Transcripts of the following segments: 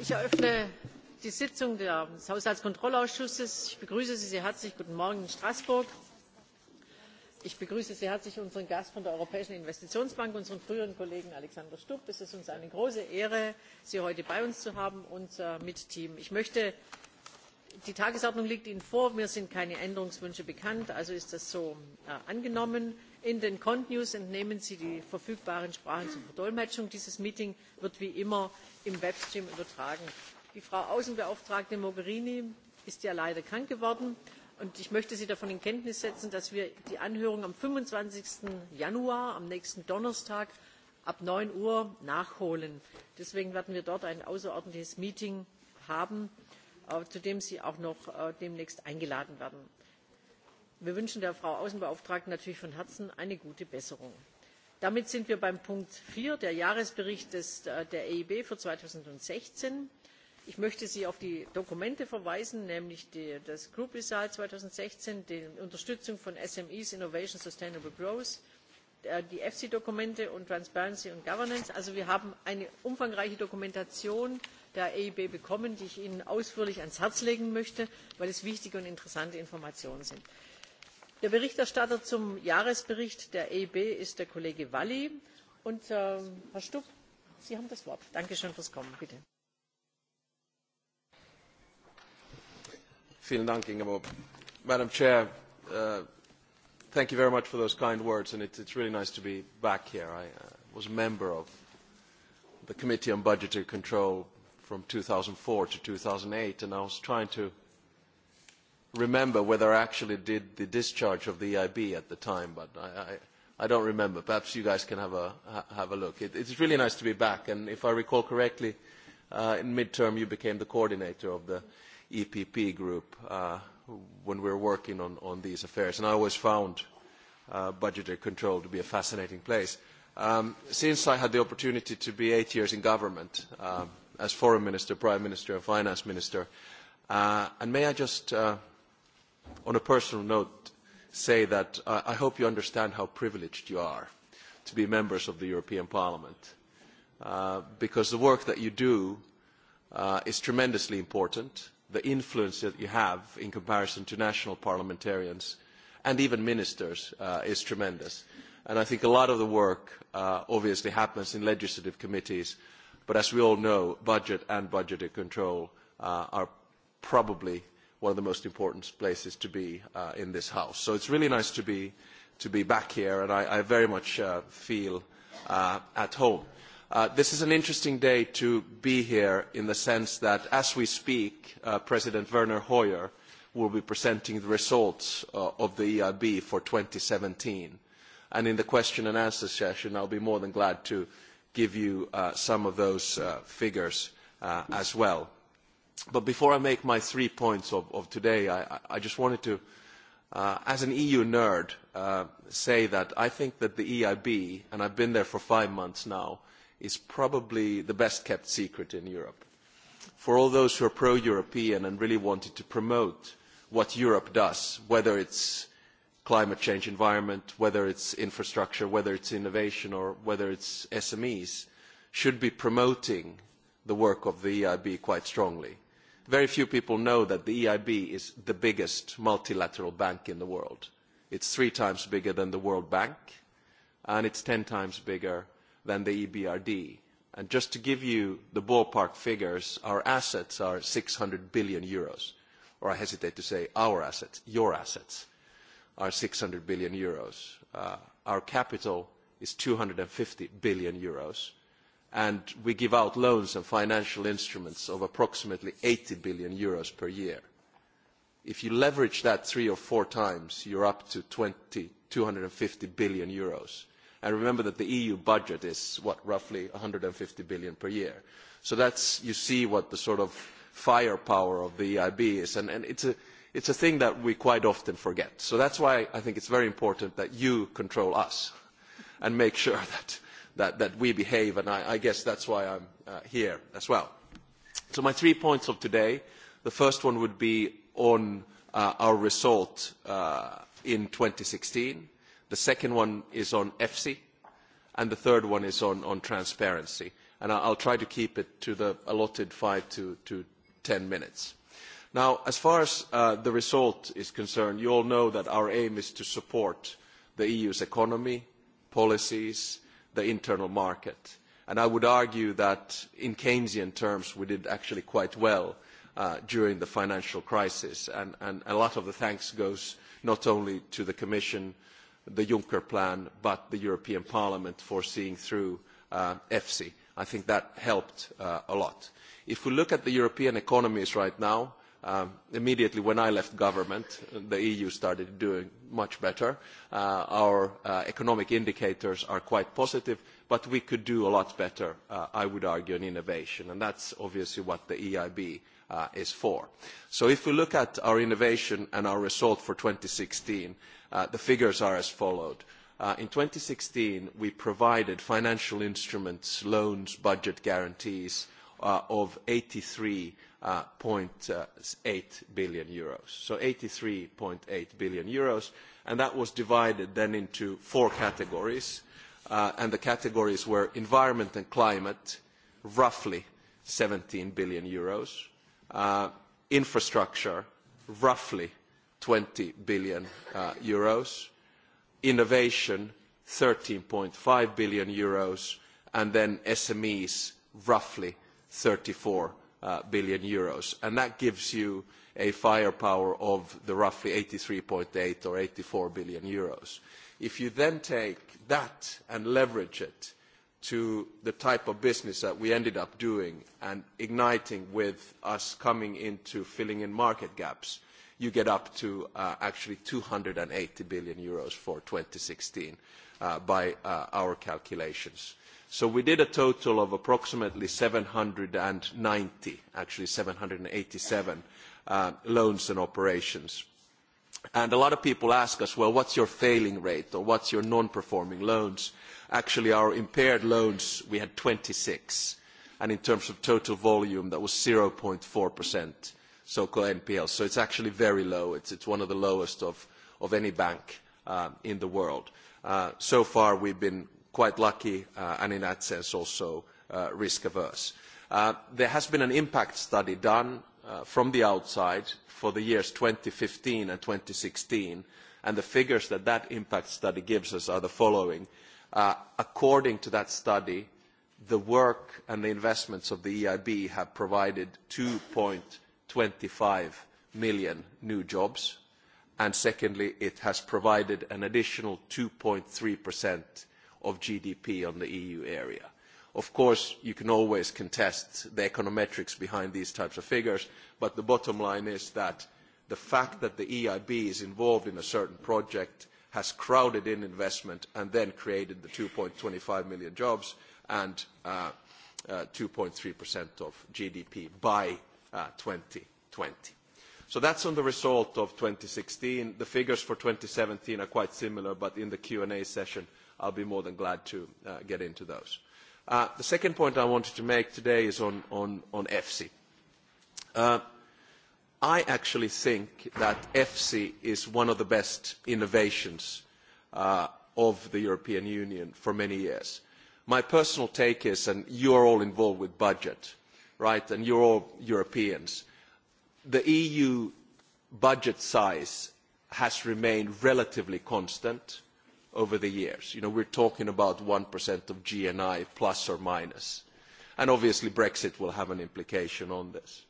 ich eröffne die sitzung des haushaltskontrollausschusses. ich begrüße sie sehr herzlich guten morgen in straßburg. ich begrüße sehr herzlich unseren gast von der europäischen investitionsbank unseren früheren kollegen alexander stubb. es ist uns eine große ehre sie heute bei uns zu haben und äh, mit team. ich möchte die tagesordnung liegt ihnen vor mir sind keine änderungswünsche bekannt also ist das so äh, angenommen. in den kontinues entnehmen sie die verfügbaren sprachen zur verdolmetschung. dieses meeting wird wie immer im webstream übertragen. die frau außenbeauftragte mogherini ist ja leider krank geworden und ich möchte sie davon in kenntnis setzen dass wir die anhörung am. fünfundzwanzig januar am nächsten donnerstag ab. neun uhr nachholen. deswegen werden wir dort ein außerordentliches meeting haben Äh, zu dem sie auch noch äh, demnächst eingeladen werden. wir wünschen der frau außenbeauftragten natürlich von herzen eine gute besserung. damit sind wir beim punkt vier der jahresbericht äh, der eib für. zweitausendsechzehn ich möchte sie auf die dokumente verweisen nämlich das group result zweitausendsechzehn die unterstützung von smes innovation sustainable growth die efsi dokumente und transparency und governance. also wir haben eine umfangreiche dokumentation der eib bekommen die ich ihnen ausführlich ans herz legen möchte weil es wichtige und interessante informationen sind. der berichterstatter zum jahresbericht der eib ist der kollege valli. Und, äh, herr stubb sie haben das wort. danke schön fürs kommen. bitte. Vielen Dank, Ingeborg. Madam Chair, uh, thank you very much for those kind words, and it, it's really nice to be back here. I uh, was a member of the Committee on Budgetary Control from 2004 to 2008, and I was trying to remember whether I actually did the discharge of the EIB at the time, but I, I, I don't remember. Perhaps you guys can have a, have a look. It, it's really nice to be back, and if I recall correctly, uh, in midterm you became the coordinator of the EPP group uh, when we were working on, on these affairs, and I always found uh, budgetary control to be a fascinating place. Um, since I had the opportunity to be eight years in government, um, as foreign minister, prime minister and finance minister. Uh, and may I just, uh, on a personal note, say that I hope you understand how privileged you are to be members of the European Parliament, uh, because the work that you do is tremendously important. The influence that you have in comparison to national parliamentarians and even ministers is tremendous. And I think a lot of the work obviously happens in legislative committees But as we all know, budget and budgetary control uh, are probably one of the most important places to be uh, in this House. So it's really nice to be, back here, and I, very much uh, feel at home. This is an interesting day to be here in the sense that as we speak, President Werner Hoyer will be presenting the results of the EIB for 2017. And in the question and answer session, I'll be more than glad to give you uh, some of those uh, figures uh, as well. But before I make my three points of, of today, I, I just wanted to, as an EU nerd, say that I think that the EIB, and I've been there for five months now, is probably the best-kept secret in Europe. For all those who are pro-European and really wanted to promote what Europe does, whether it's climate change environment, whether it's infrastructure, whether it's innovation, or whether it's SMEs, should be promoting the work of the EIB quite strongly. Very few people know that the EIB is the biggest multilateral bank in the world. It's three times bigger than the World Bank, and it's ten times bigger than the EBRD. And just to give you the ballpark figures, our assets are 600 billion euros. Or I hesitate to say our assets, your assets are 600 billion euros. Uh, our capital is 250 billion euros, and we give out loans and financial instruments of approximately 80 billion euros per year. If you leverage that three or four times, you're up to and fifty billion euros. And remember that the EU budget is, what, roughly 150 billion per year. So that's, you see what the sort of firepower of the EIB is. And, it's, a, thing that we quite often forget. So that's why I think it's very important that you control us and make sure that, we behave. And I, guess that's why I'm uh, here as well. So my three points of today, the first one would be on uh, our result uh, in 2016. The second one is on EFSI. And the third one is on, transparency. And I'll try to keep it to the allotted five to ten minutes. Now, as far as uh, the result is concerned, you all know that our aim is to support the EU's economy, policies, the internal market. And I would argue that in Keynesian terms, we did actually quite well uh, during the financial crisis. And, a lot of the thanks goes not only to the Commission, the Juncker plan, but the European Parliament for seeing through EFSI. Uh, i think that helped uh, a lot. If we look at the European economies right now, um, immediately when I left government, the EU started doing much better. Uh, our uh, economic indicators are quite positive, but we could do a lot better, I would argue, in innovation, and that's obviously what the EIB is for. So if we look at our innovation and our result for 2016, the figures are as followed thousand uh, in 2016, we provided financial instruments, loans, budget guarantees uh, of 83.8 billion euros. So 83.8 billion euros, and that was divided then into four categories. Uh, and the categories were environment and climate, roughly 17 billion euros, uh, infrastructure, roughly 20 billion euros, innovation, EUR thirteen five billion and then SMEs, roughly thirty four uh, billion And that gives you a firepower of the roughly eight or eighty four billion If you then take that and leverage it to the type of business that we ended up doing and igniting with us coming into filling in market gaps, you get up to uh, actually 280 billion euros for 2016 uh, by uh, our calculations. So we did a total of approximately 790, actually 787 uh, loans and operations. And a lot of people ask us, well, what's your failing rate or what's your non-performing loans? Actually, our impaired loans, we had 26. And in terms of total volume, that was 0.4% so-called NPLs. So it's actually very low. It's, it's one of the lowest of, any bank uh, in the world. Uh, so far, we've been quite lucky uh, and in that sense also risk averse. There has been an impact study done from the outside for the years 2015 and 2016, and the figures that that impact study gives us are the following. According to that study, the work and the investments of the EIB have provided 2 twenty five million new jobs and secondly it has provided an additional. two three of gdp on the eu area. of course you can always contest the econometrics behind these types of figures but the bottom line is that the fact that the eib is involved in a certain project has crowded in investment and then created the. two twenty five million jobs and. Uh, uh, two three of gdp by 2020. Ah, so that's on the result of 2016. The figures for 2017 are quite similar, but in the Q&A session, I'll be more than glad to uh, get into those. Uh, the second point I wanted to make today is on, on, EFSI. Uh, I actually think that EFSI is one of the best innovations of the European Union for many years. My personal take is, and you are all involved with budget, right, and are all Europeans, the EU budget size has remained relatively constant over the years. You know, we're talking about 1% of GNI, plus or minus. And obviously, Brexit will have an implication on this.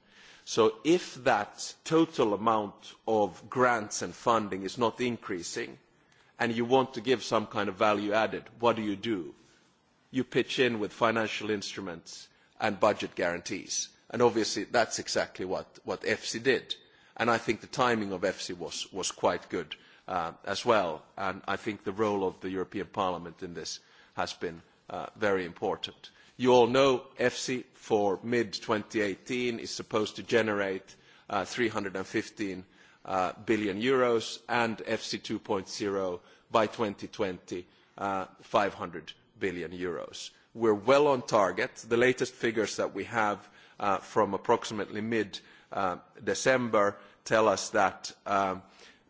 So if that total amount of grants and funding is not increasing, and you want to give some kind of value added, what do you do? You pitch in with financial instruments and budget guarantees. And obviously that's exactly what, EFSI did. And I think the timing of EFSI was, was quite good uh, as well. And I think the role of the European Parliament in this has been uh, very important. You all know EFSI for mid-2018 is supposed to generate uh, hundred 315 fifteen billion and EFSI 2.0 by 2020, five 500 billion we're well on target. The latest figures that we have uh, from approximately mid-December uh, tell us that in um,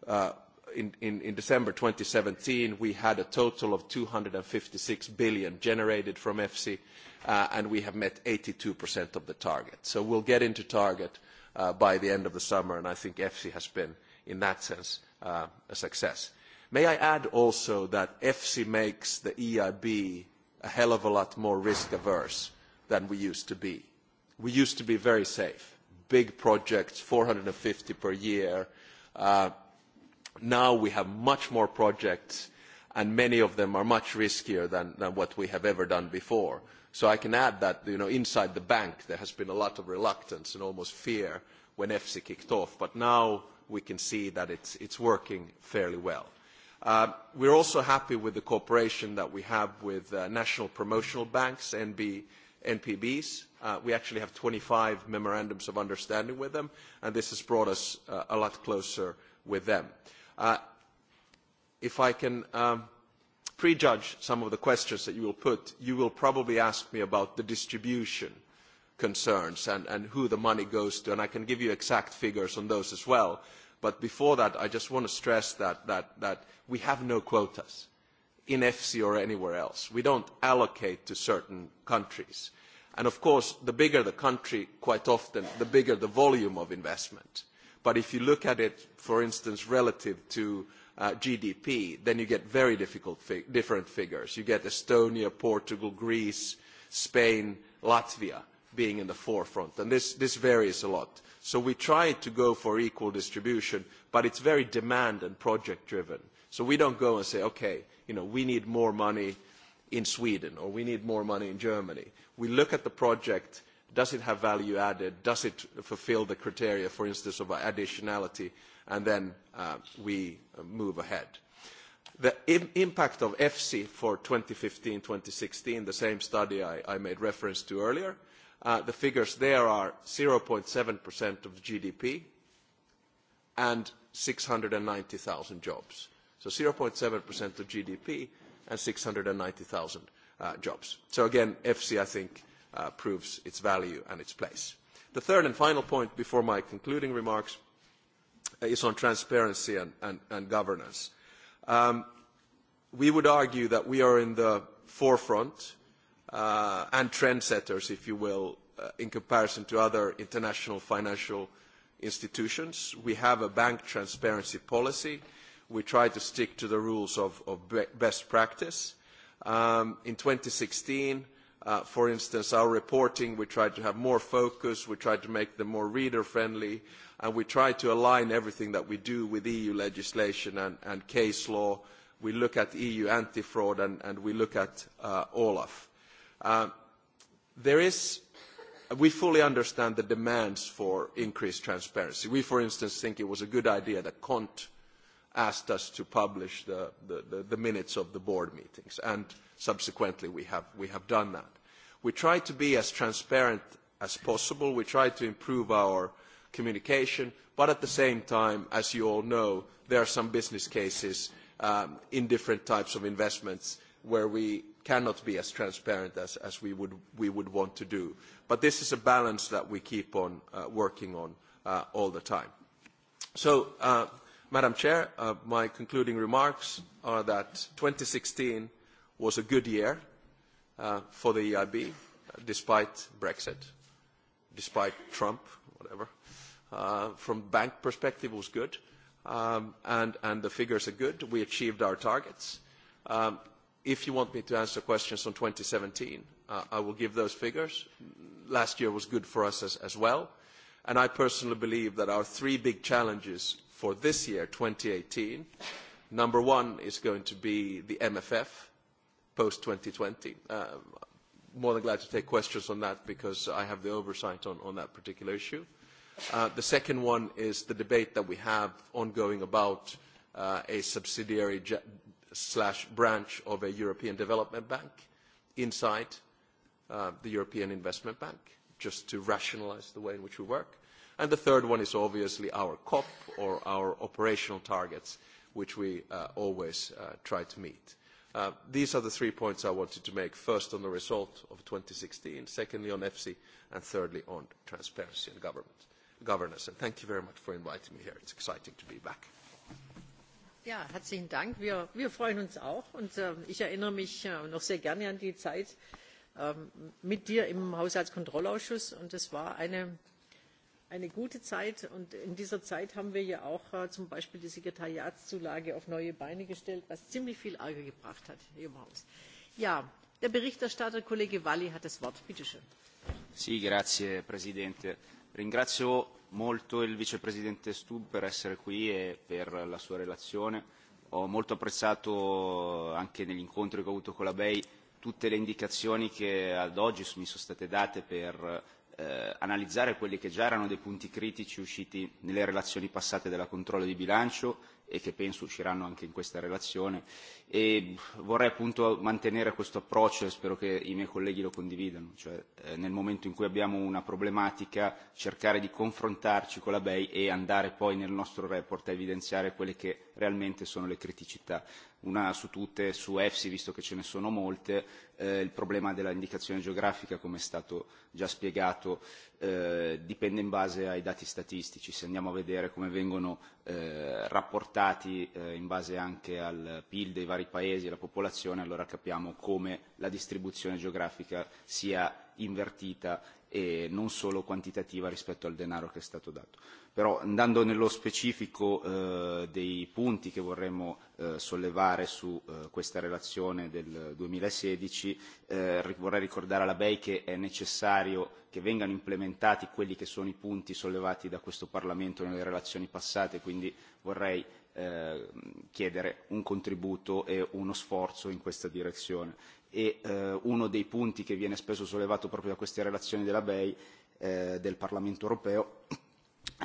uh, in, in, in December 2017, we had a total of 256 billion generated from EFSI, and we have met 82% of the target. So we'll get into target by the end of the summer, and I think EFSI has been, in that sense, a success. May I add also that EFSI makes the EIB a hell of a lot more risk averse than we used to be. We used to be very safe. Big projects, 450 per year. Uh, now we have much more projects and many of them are much riskier than, than what we have ever done before. So I can add that you know, inside the bank there has been a lot of reluctance and almost fear when EFSI kicked off, but now we can see that it's, it's working fairly well. We uh, we're also happy with the cooperation that we have with uh, national promotional banks, NPBs. Uh, we actually have 25 memorandums of understanding with them, and this has brought us a lot closer with them. If I can um, prejudge some of the questions that you will put, you will probably ask me about the distribution concerns and who the money goes to, and I can give you exact figures on those as well But before that, I just want to stress that, that, that we have no quotas in EFSI or anywhere else. We don't allocate to certain countries. And of course, the bigger the country, quite often, the bigger the volume of investment. But if you look at it, for instance, relative to uh, GDP, then you get very difficult different figures. You get Estonia, Portugal, Greece, Spain, Latvia – being in the forefront and this, this varies a lot. so we try to go for equal distribution but it is very demand and project driven so we don't go and say okay you know, we need more money in sweden or we need more money in germany. we look at the project does it have value added does it fulfil the criteria for instance of additionality and then uh, we uh, move ahead. the impact of efsi for 2015 2016, fifteen sixteen the same study I, i made reference to earlier Uh, the figures there are 0.7% of GDP and 690,000 jobs. So 0.7% of GDP and ninety zero uh, jobs. So again, EFSI, I think, uh, proves its value and its place. The third and final point before my concluding remarks is on transparency and, and, governance. Um, we would argue that we are in the forefront Uh, and trendsetters, if you will, uh, in comparison to other international financial institutions. We have a bank transparency policy. We try to stick to the rules of, best practice. Um, in 2016, uh, for instance, our reporting, we tried to have more focus, we tried to make them more reader-friendly, and we tried to align everything that we do with EU legislation and, case law. We look at EU anti-fraud, and, we look at OLAF. Uh, there we fully understand the demands for increased transparency. We, for instance, think it was a good idea that Cont asked us to publish the, minutes of the board meetings, and subsequently we have, done that. We try to be as transparent as possible. We try to improve our communication, but at the same time, as you all know, there are some business cases um, in different types of investments where we cannot be as transparent as, as we, would, we would want to do. But this is a balance that we keep on uh, working on uh, all the time. So, uh, Madam Chair, my concluding remarks are that 2016 was a good year for the EIB, despite Brexit, despite Trump, whatever. from bank perspective, was good, um, and, and the figures are good. We achieved our targets. Um, if you want me to answer questions on 2017, uh, I will give those figures. Last year was good for us as, well. And I personally believe that our three big challenges for this year, 2018, number one is going to be the MFF post 2020. Uh, more than glad to take questions on that because I have the oversight on, that particular issue. Uh, the second one is the debate that we have ongoing about a subsidiary slash branch of a European Development Bank inside uh, the European Investment Bank, just to rationalize the way in which we work. And the third one is obviously our COP or our operational targets, which we uh, always uh, try to meet. these are the three points I wanted to make. First, on the result of 2016, secondly, on EFSI, and thirdly, on transparency and government, governance. And thank you very much for inviting me here. It's exciting to be back herzlichen Dank. Wir, freuen uns auch. Und ähm, ich erinnere mich äh, noch sehr gerne an die Zeit ähm, mit dir im Haushaltskontrollausschuss. Und es war eine, gute Zeit. Und in dieser Zeit haben wir ja auch äh, zum Beispiel die Sekretariatszulage auf neue Beine gestellt, was ziemlich viel Ärger gebracht hat hier im Haus. der Berichterstatter Kollege Valli hat das Wort. Bitte schön. Ringrazio molto il vicepresidente Stubb per essere qui e per la sua relazione. Ho molto apprezzato anche negli incontri che ho avuto con la BEI tutte le indicazioni che ad oggi mi sono state date per eh, analizzare quelli che già erano dei punti critici usciti nelle relazioni passate della controllo di bilancio e che penso usciranno anche in questa relazione e vorrei appunto mantenere questo approccio e spero che i miei colleghi lo condividano, cioè eh, nel momento in cui abbiamo una problematica cercare di confrontarci con la BEI e andare poi nel nostro report a evidenziare quelle che realmente sono le criticità. Una su tutte su EFSI, visto che ce ne sono molte, eh, il problema dell'indicazione geografica, come è stato già spiegato, eh, dipende in base ai dati statistici. Se andiamo a vedere come vengono eh, rapportati eh, in base anche al PIL dei vari vari paesi e la popolazione allora capiamo come la distribuzione geografica sia invertita e non solo quantitativa rispetto al denaro che è stato dato. Però andando nello specifico eh, dei punti che vorremmo eh, sollevare su eh, questa relazione del 2016, vorrei ricordare alla BEI che è necessario che vengano implementati quelli che sono i punti sollevati da questo Parlamento nelle relazioni passate, quindi vorrei Eh, chiedere un contributo e uno sforzo in questa direzione e eh, uno dei punti che viene spesso sollevato proprio da queste relazioni della BEI eh, del Parlamento europeo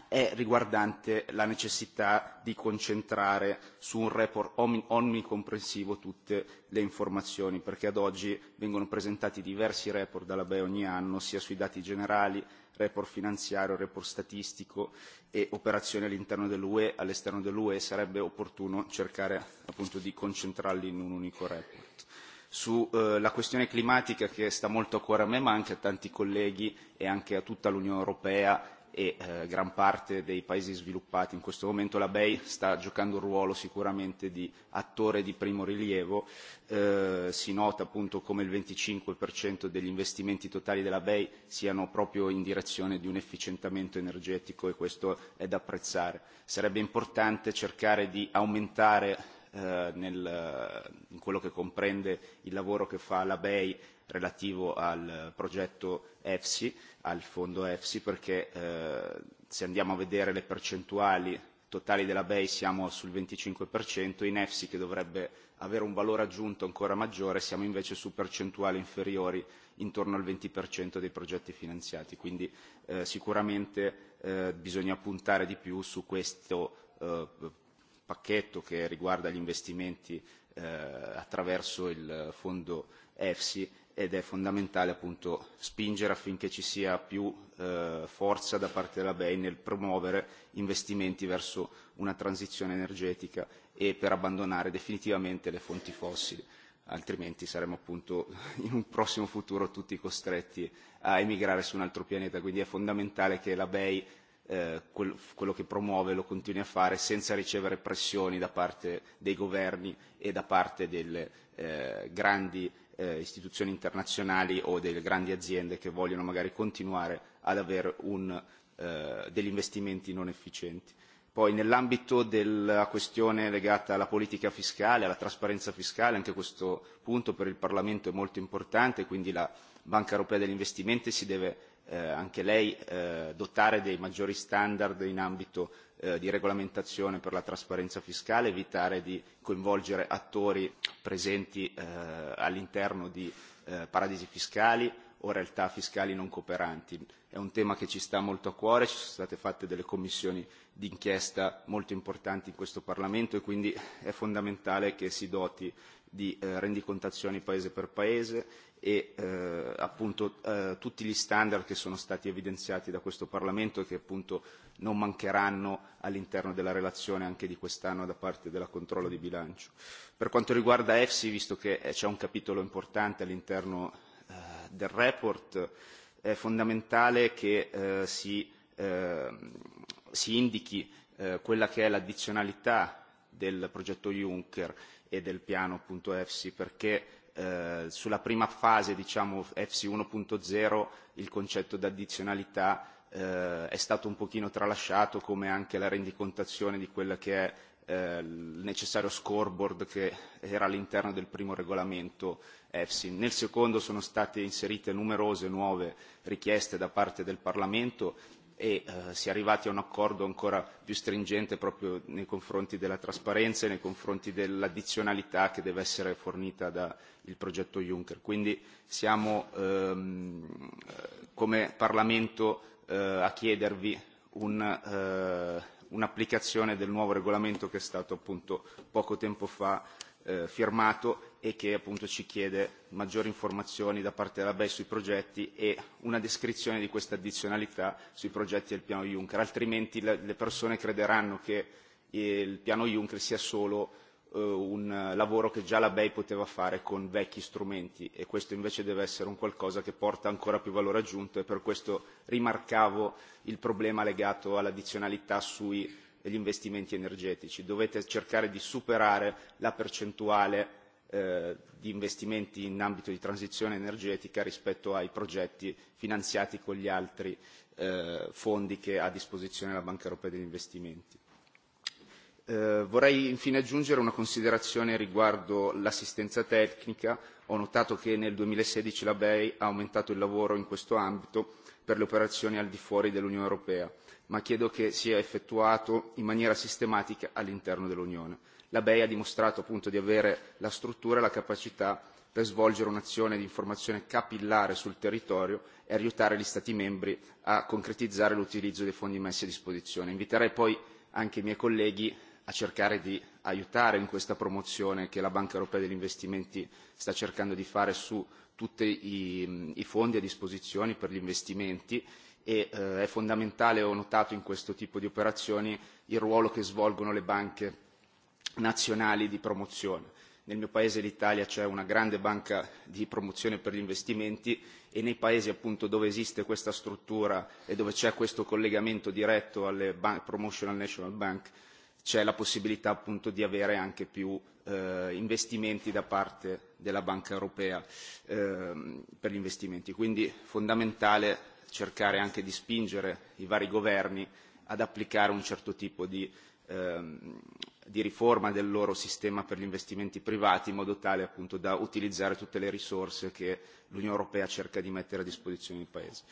è riguardante la necessità di concentrare su un report omnicomprensivo tutte le informazioni perché ad oggi vengono presentati diversi report dalla BEI ogni anno sia sui dati generali report finanziario report statistico e operazioni all'interno dell'ue all'esterno dell'ue sarebbe opportuno cercare appunto di concentrarli in un unico report sulla eh, questione climatica che sta molto a cuore a me ma anche a tanti colleghi e anche a tutta l'Unione Europea e eh, gran parte dei paesi sviluppati in questo momento la bei sta giocando un ruolo sicuramente di attore di primo rilievo eh, si nota appunto come il 25% degli investimenti totali della bei siano proprio in direzione di un efficientamento energetico e questo è da apprezzare sarebbe importante cercare di aumentare Eh, nel, in eh, quello che comprende il lavoro che fa la bei relativo al progetto efsi al fondo efsi perché eh, se andiamo a vedere le percentuali totali della bei siamo sul 25% in efsi che dovrebbe avere un valore aggiunto ancora maggiore siamo invece su percentuali inferiori intorno al 20% dei progetti finanziati quindi sicuramente bisogna puntare di più su questo pacchetto che riguarda gli investimenti eh, attraverso il fondo EFSI ed è fondamentale appunto spingere affinché ci sia più eh, forza da parte della BEI nel promuovere investimenti verso una transizione energetica e per abbandonare definitivamente le fonti fossili altrimenti saremo appunto in un prossimo futuro tutti costretti a emigrare su un altro pianeta quindi è fondamentale che la bei Eh, quello che promuove lo continui a fare senza ricevere pressioni da parte dei governi e da parte delle eh, grandi eh, istituzioni internazionali o delle grandi aziende che vogliono magari continuare ad avere un, degli investimenti non efficienti. Poi nell'ambito della questione legata alla politica fiscale, alla trasparenza fiscale, anche questo punto per il Parlamento è molto importante, quindi la Banca Europea degli Investimenti si deve Eh, anche lei eh, dotare dei maggiori standard in ambito eh, di regolamentazione per la trasparenza fiscale evitare di coinvolgere attori presenti all'interno di paradisi fiscali o realtà fiscali non cooperanti. È un tema che ci sta molto a cuore, ci sono state fatte delle commissioni d'inchiesta molto importanti in questo Parlamento e quindi è fondamentale che si doti di eh, rendicontazioni paese per paese e eh, appunto eh, tutti gli standard che sono stati evidenziati da questo Parlamento e che appunto non mancheranno all'interno della relazione anche di quest'anno da parte della controllo di bilancio. Per quanto riguarda EFSI, visto che c'è un capitolo importante all'interno del report, è fondamentale che si, ehm, si indichi quella che è l'addizionalità del progetto Juncker e del piano appunto EFSI perché eh, sulla prima fase diciamo EFSI 1.0 il concetto di addizionalità eh, è stato un pochino tralasciato come anche la rendicontazione di quella che è eh, il necessario scoreboard che era all'interno del primo regolamento EFSI. Nel secondo sono state inserite numerose nuove richieste da parte del Parlamento e eh, si è arrivati a un accordo ancora più stringente proprio nei confronti della trasparenza e nei confronti dell'addizionalità che deve essere fornita dal progetto Juncker. Quindi siamo ehm, come Parlamento eh, a chiedervi un, eh, un'applicazione del nuovo regolamento che è stato appunto poco tempo fa firmato e che appunto ci chiede maggiori informazioni da parte della BEI sui progetti e una descrizione di questa addizionalità sui progetti del piano Juncker, altrimenti le persone crederanno che il piano Juncker sia solo eh, un lavoro che già la BEI poteva fare con vecchi strumenti e questo invece deve essere un qualcosa che porta ancora più valore aggiunto e per questo rimarcavo il problema legato all'addizionalità sui gli investimenti energetici. Dovete cercare di superare la percentuale Eh, di investimenti in ambito di transizione energetica rispetto ai progetti finanziati con gli altri eh, fondi che ha a disposizione la Banca Europea degli investimenti. Eh, vorrei infine aggiungere una considerazione riguardo l'assistenza tecnica. Ho notato che nel 2016 la BEI ha aumentato il lavoro in questo ambito per le operazioni al di fuori dell'Unione Europea, ma chiedo che sia effettuato in maniera sistematica all'interno dell'Unione la bei ha dimostrato appunto di avere la struttura e la capacità per svolgere un'azione di informazione capillare sul territorio e aiutare gli stati membri a concretizzare l'utilizzo dei fondi messi a disposizione. inviterei poi anche i miei colleghi a cercare di aiutare in questa promozione che la banca europea degli investimenti sta cercando di fare su tutti i fondi a disposizione per gli investimenti e eh, è fondamentale ho notato in questo tipo di operazioni il ruolo che svolgono le banche nazionali di promozione nel mio paese l'italia c'è una grande banca di promozione per gli investimenti e nei paesi appunto dove esiste questa struttura e dove c'è questo collegamento diretto alle promotional national bank c'è la possibilità appunto di avere anche più eh, investimenti da parte della banca europea ehm, per gli investimenti quindi fondamentale cercare anche di spingere i vari governi ad applicare un certo tipo di Ehm, di riforma del loro sistema per gli investimenti privati in modo tale appunto da utilizzare tutte le risorse che l'Unione Europea cerca di mettere a disposizione dei paesi.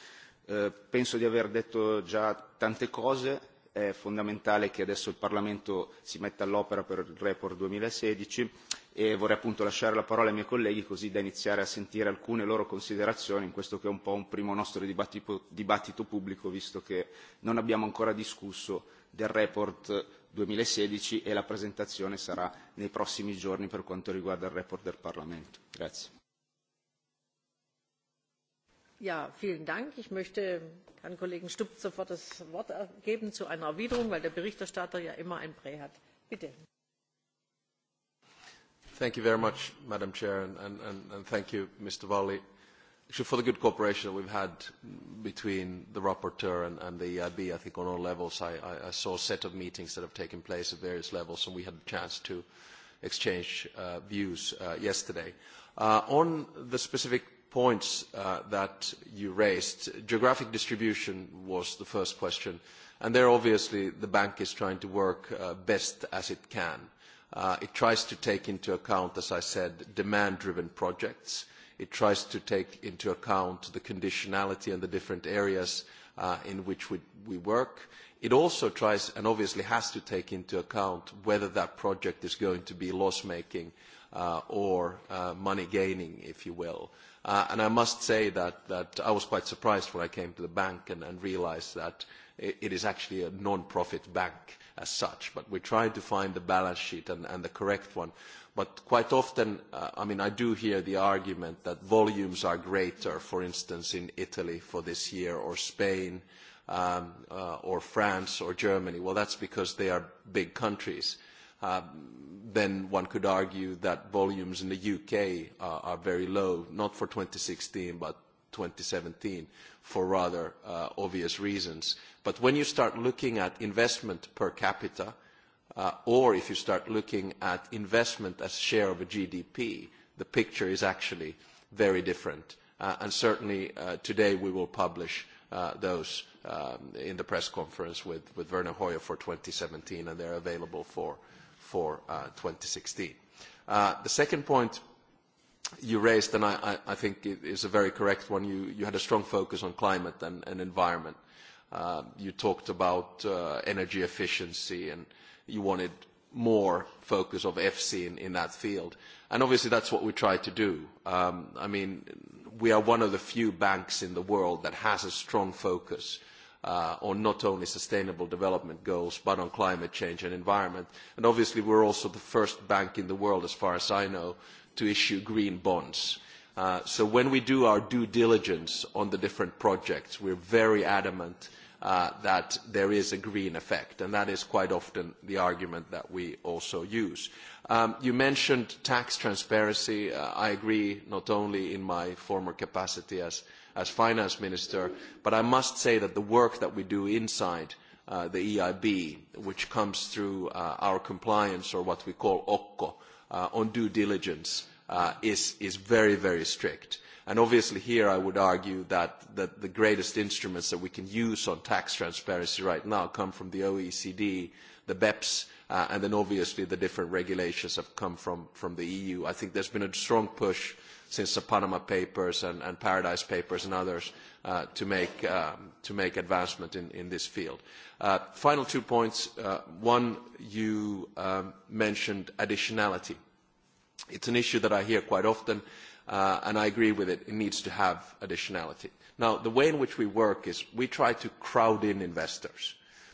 Eh, penso di aver detto già tante cose, è fondamentale che adesso il Parlamento si metta all'opera per il report 2016 e vorrei appunto lasciare la parola ai miei colleghi così da iniziare a sentire alcune loro considerazioni in questo che è un po' un primo nostro dibattito, dibattito pubblico visto che non abbiamo ancora discusso del report 2016 e la presentazione sarà nei prossimi giorni per quanto riguarda il report del Parlamento. Grazie. Ja, vielen Dank. Ich möchte Herrn Kollegen Stupp sofort das Wort geben zu einer Erwiderung, weil der Berichterstatter ja immer ein Prä hat. Bitte. Thank you very much, Madam Chair, and, and, and thank you, Mr. Valli actually for the good cooperation we've had between the rapporteur and, the EIB, I think on all levels. I, I, saw a set of meetings that have taken place at various levels, and we had a chance to exchange uh, views uh, yesterday. Uh, on the specific points that you raised, geographic distribution was the first question, and there obviously the bank is trying to work best as it can. it tries to take into account, as I said, demand-driven projects it tries to take into account the conditionality and the different areas uh, in which we, work. It also tries and obviously has to take into account whether that project is going to be loss-making uh, or uh, money-gaining, if you will. And I must say that, that I was quite surprised when I came to the bank and, and realized that it is actually a non-profit bank as such. But we tried to find the balance sheet and, the correct one. But quite often, uh, I mean, I do hear the argument that volumes are greater, for instance, in Italy for this year, or Spain, um, uh, or France, or Germany. Well, that's because they are big countries. Um, then one could argue that volumes in the U.K. are very low, not for 2016, but 2017, for rather uh, obvious reasons. But when you start looking at investment per capita, uh, or if you start looking at investment as share of a GDP, the picture is actually very different. Uh, and certainly uh, today we will publish uh, those um, in the press conference with, with Werner Hoyer for 2017, and they're available for, for uh, 2016. Uh, the second point you raised, and I, I, think it is a very correct one, you, you had a strong focus on climate and, and environment. Uh, Um, you talked about uh, energy efficiency and you wanted more focus of FC in, that field. And obviously that's what we try to do. Um, I mean, we are one of the few banks in the world that has a strong focus uh, on not only sustainable development goals, but on climate change and environment. And obviously we're also the first bank in the world, as far as I know, to issue green bonds. Uh, so when we do our due diligence on the different projects, we are very adamant uh, that there is a green effect, and that is quite often the argument that we also use. Um, you mentioned tax transparency. Uh, I agree, not only in my former capacity as, as finance minister, but I must say that the work that we do inside the EIB, which comes through our compliance or what we call OCCO on due diligence, Uh, is, is very, very strict. And obviously here I would argue that, that the greatest instruments that we can use on tax transparency right now come from the OECD, the BEPS, uh, and then obviously the different regulations have come from, the EU. I think there's been a strong push since the Panama Papers and, Paradise Papers and others uh, um, to, make, advancement in, in this field. final two points. one, you um, mentioned additionality. It's an issue that I hear quite often, uh, and I agree with it. It needs to have additionality. Now, the way in which we work is we try to crowd in investors.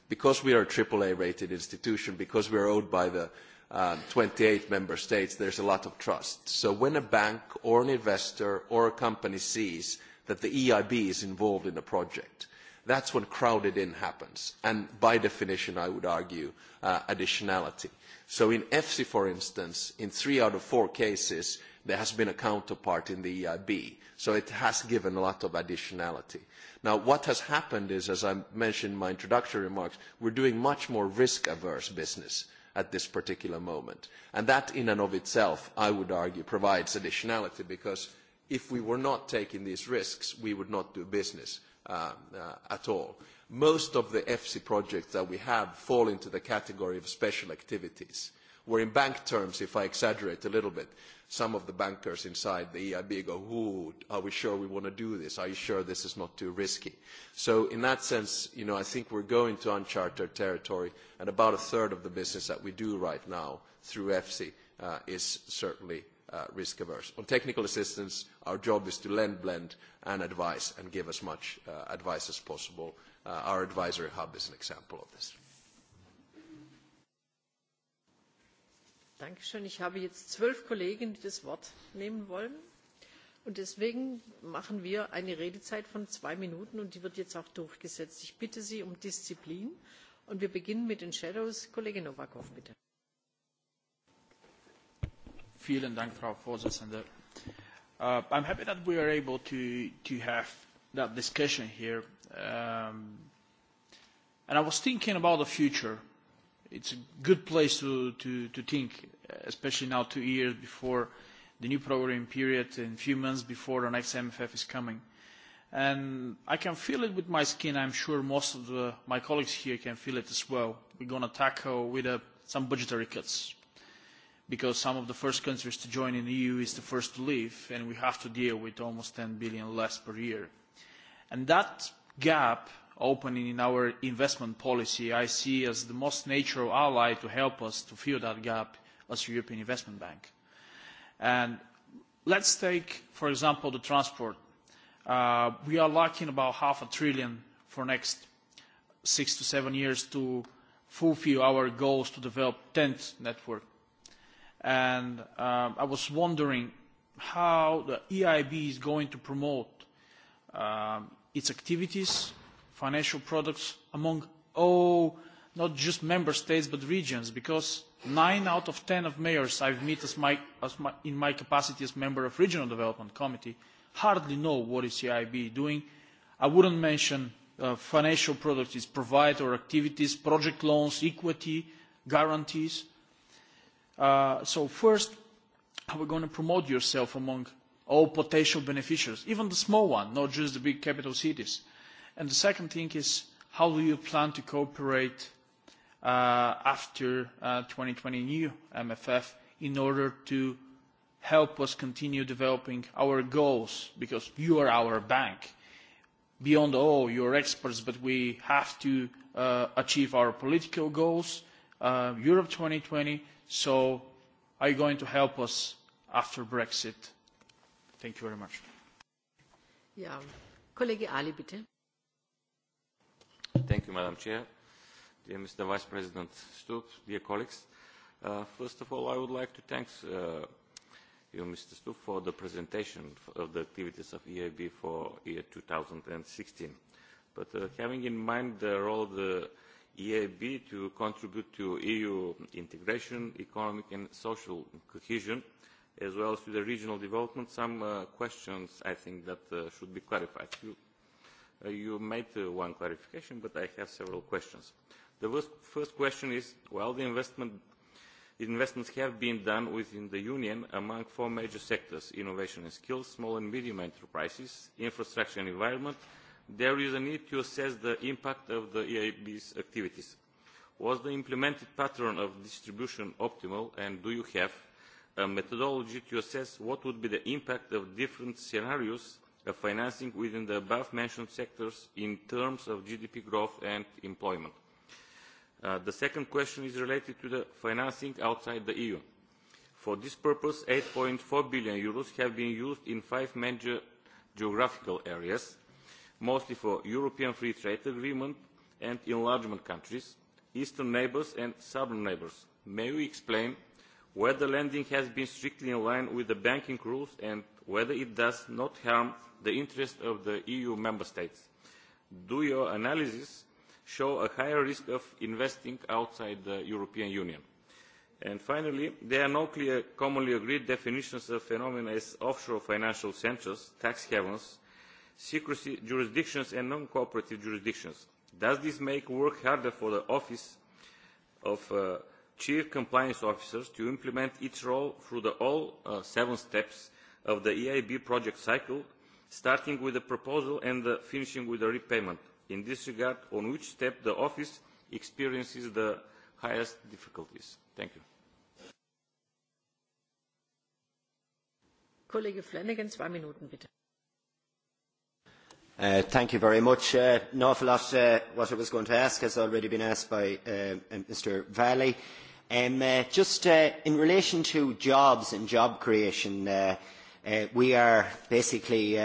Because we are a AAA-rated institution, because we are owed by the um, twenty 28 member states, there's a lot of trust. So when a bank or an investor or a company sees that the EIB is involved in a project, that's when crowded in happens. And by definition, I would argue, uh, additionality. So in EFSI, for instance, in three out of four cases, there has been a counterpart in the EIB. So it has given a lot of additionality. Now, what has happened is, as I mentioned in my introductory remarks, we're doing much more risk-averse business at this particular moment. And that in and of itself, I would argue, provides additionality because if we were not taking these risks, we would not do business uh, uh, at all most of the EFSI projects that we have fall into the category of special activities, where in bank terms, if I exaggerate a little bit, some of the bankers inside the EIB go, are we sure we want to do this? Are you sure this is not too risky? So in that sense, you know, I think we're going to uncharted territory, and about a third of the business that we do right now through EFSI uh, is certainly uh, risk averse. On technical assistance, our job is to lend, blend and advise and give as much uh, advice as possible Uh, our advisory hub is an example of this. Dankeschön. Ich habe jetzt zwölf Kollegen, die das Wort nehmen wollen. Und deswegen machen wir eine Redezeit von zwei Minuten und die wird jetzt auch durchgesetzt. Ich bitte Sie um Disziplin und wir beginnen mit den Shadows. Kollege Novakov, bitte. Vielen Dank, Frau Vorsitzende. Uh, I'm happy that we are able to, to have that discussion here Um, and I was thinking about the future. It's a good place to, to, think, especially now two years before the new programming period and a few months before the next MFF is coming. And I can feel it with my skin. I'm sure most of my colleagues here can feel it as well. We're going to tackle with uh, some budgetary cuts because some of the first countries to join in the EU is the first to leave, and we have to deal with almost 10 billion less per year. And that gap opening in our investment policy I see as the most natural ally to help us to fill that gap as European Investment Bank. And let's take, for example, the transport. Uh, we are lacking about half a trillion for next six to seven years to fulfill our goals to develop 10th network. And uh, I was wondering how the EIB is going to promote um, its activities, financial products among all, oh, not just member states, but regions, because nine out of ten of mayors I've met in my capacity as member of Regional Development Committee hardly know what is CIB doing. I wouldn't mention uh, financial products is provide or activities, project loans, equity, guarantees. Uh, so first, how are we going to promote yourself among all potential beneficiaries, even the small ones, not just the big capital cities. And the second thing is, how do you plan to cooperate uh, after uh, 2020 new MFF in order to help us continue developing our goals? Because you are our bank. Beyond all, you are experts, but we have to uh, achieve our political goals, uh, Europe 2020. So are you going to help us after Brexit? Thank you very much. Thank you, Madam Chair. Dear Mr. Vice President Stubb, dear colleagues, uh, first of all, I would like to thank uh, you, Mr. Stubb, for the presentation of the activities of EIB for year 2016. But uh, having in mind the role of the EIB to contribute to EU integration, economic and social cohesion, as well as to the regional development, some uh, questions I think that uh, should be clarified. You, uh, you made one clarification, but I have several questions. The first, question is, while the investment, investments have been done within the Union among four major sectors, innovation and skills, small and medium enterprises, infrastructure and environment, there is a need to assess the impact of the EIB's activities. Was the implemented pattern of distribution optimal and do you have a methodology to assess what would be the impact of different scenarios of financing within the above mentioned sectors in terms of GDP growth and employment. Uh, the second question is related to the financing outside the EU. For this purpose, 8.4 billion euros have been used in five major geographical areas, mostly for European Free Trade Agreement and enlargement countries, eastern neighbours and southern neighbours. May you explain whether lending has been strictly in line with the banking rules and whether it does not harm the interests of the EU member states. Do your analysis show a higher risk of investing outside the European Union? And finally, there are no clear commonly agreed definitions of phenomena as offshore financial centers, tax havens, secrecy jurisdictions and non cooperative jurisdictions. Does this make work harder for the office of uh, chief compliance officers to implement its role through the all uh, seven steps of the eib project cycle starting with the proposal and the finishing with the repayment in this regard on which step the office experiences the highest difficulties. thank you. Kollege Flanagan, zwei Minuten, bitte. Uh, thank you very much. Uh, an awful lot uh, what I was going to ask has already been asked by uh, Mr Valley. Um, uh, just uh, in relation to jobs and job creation, uh, we are basically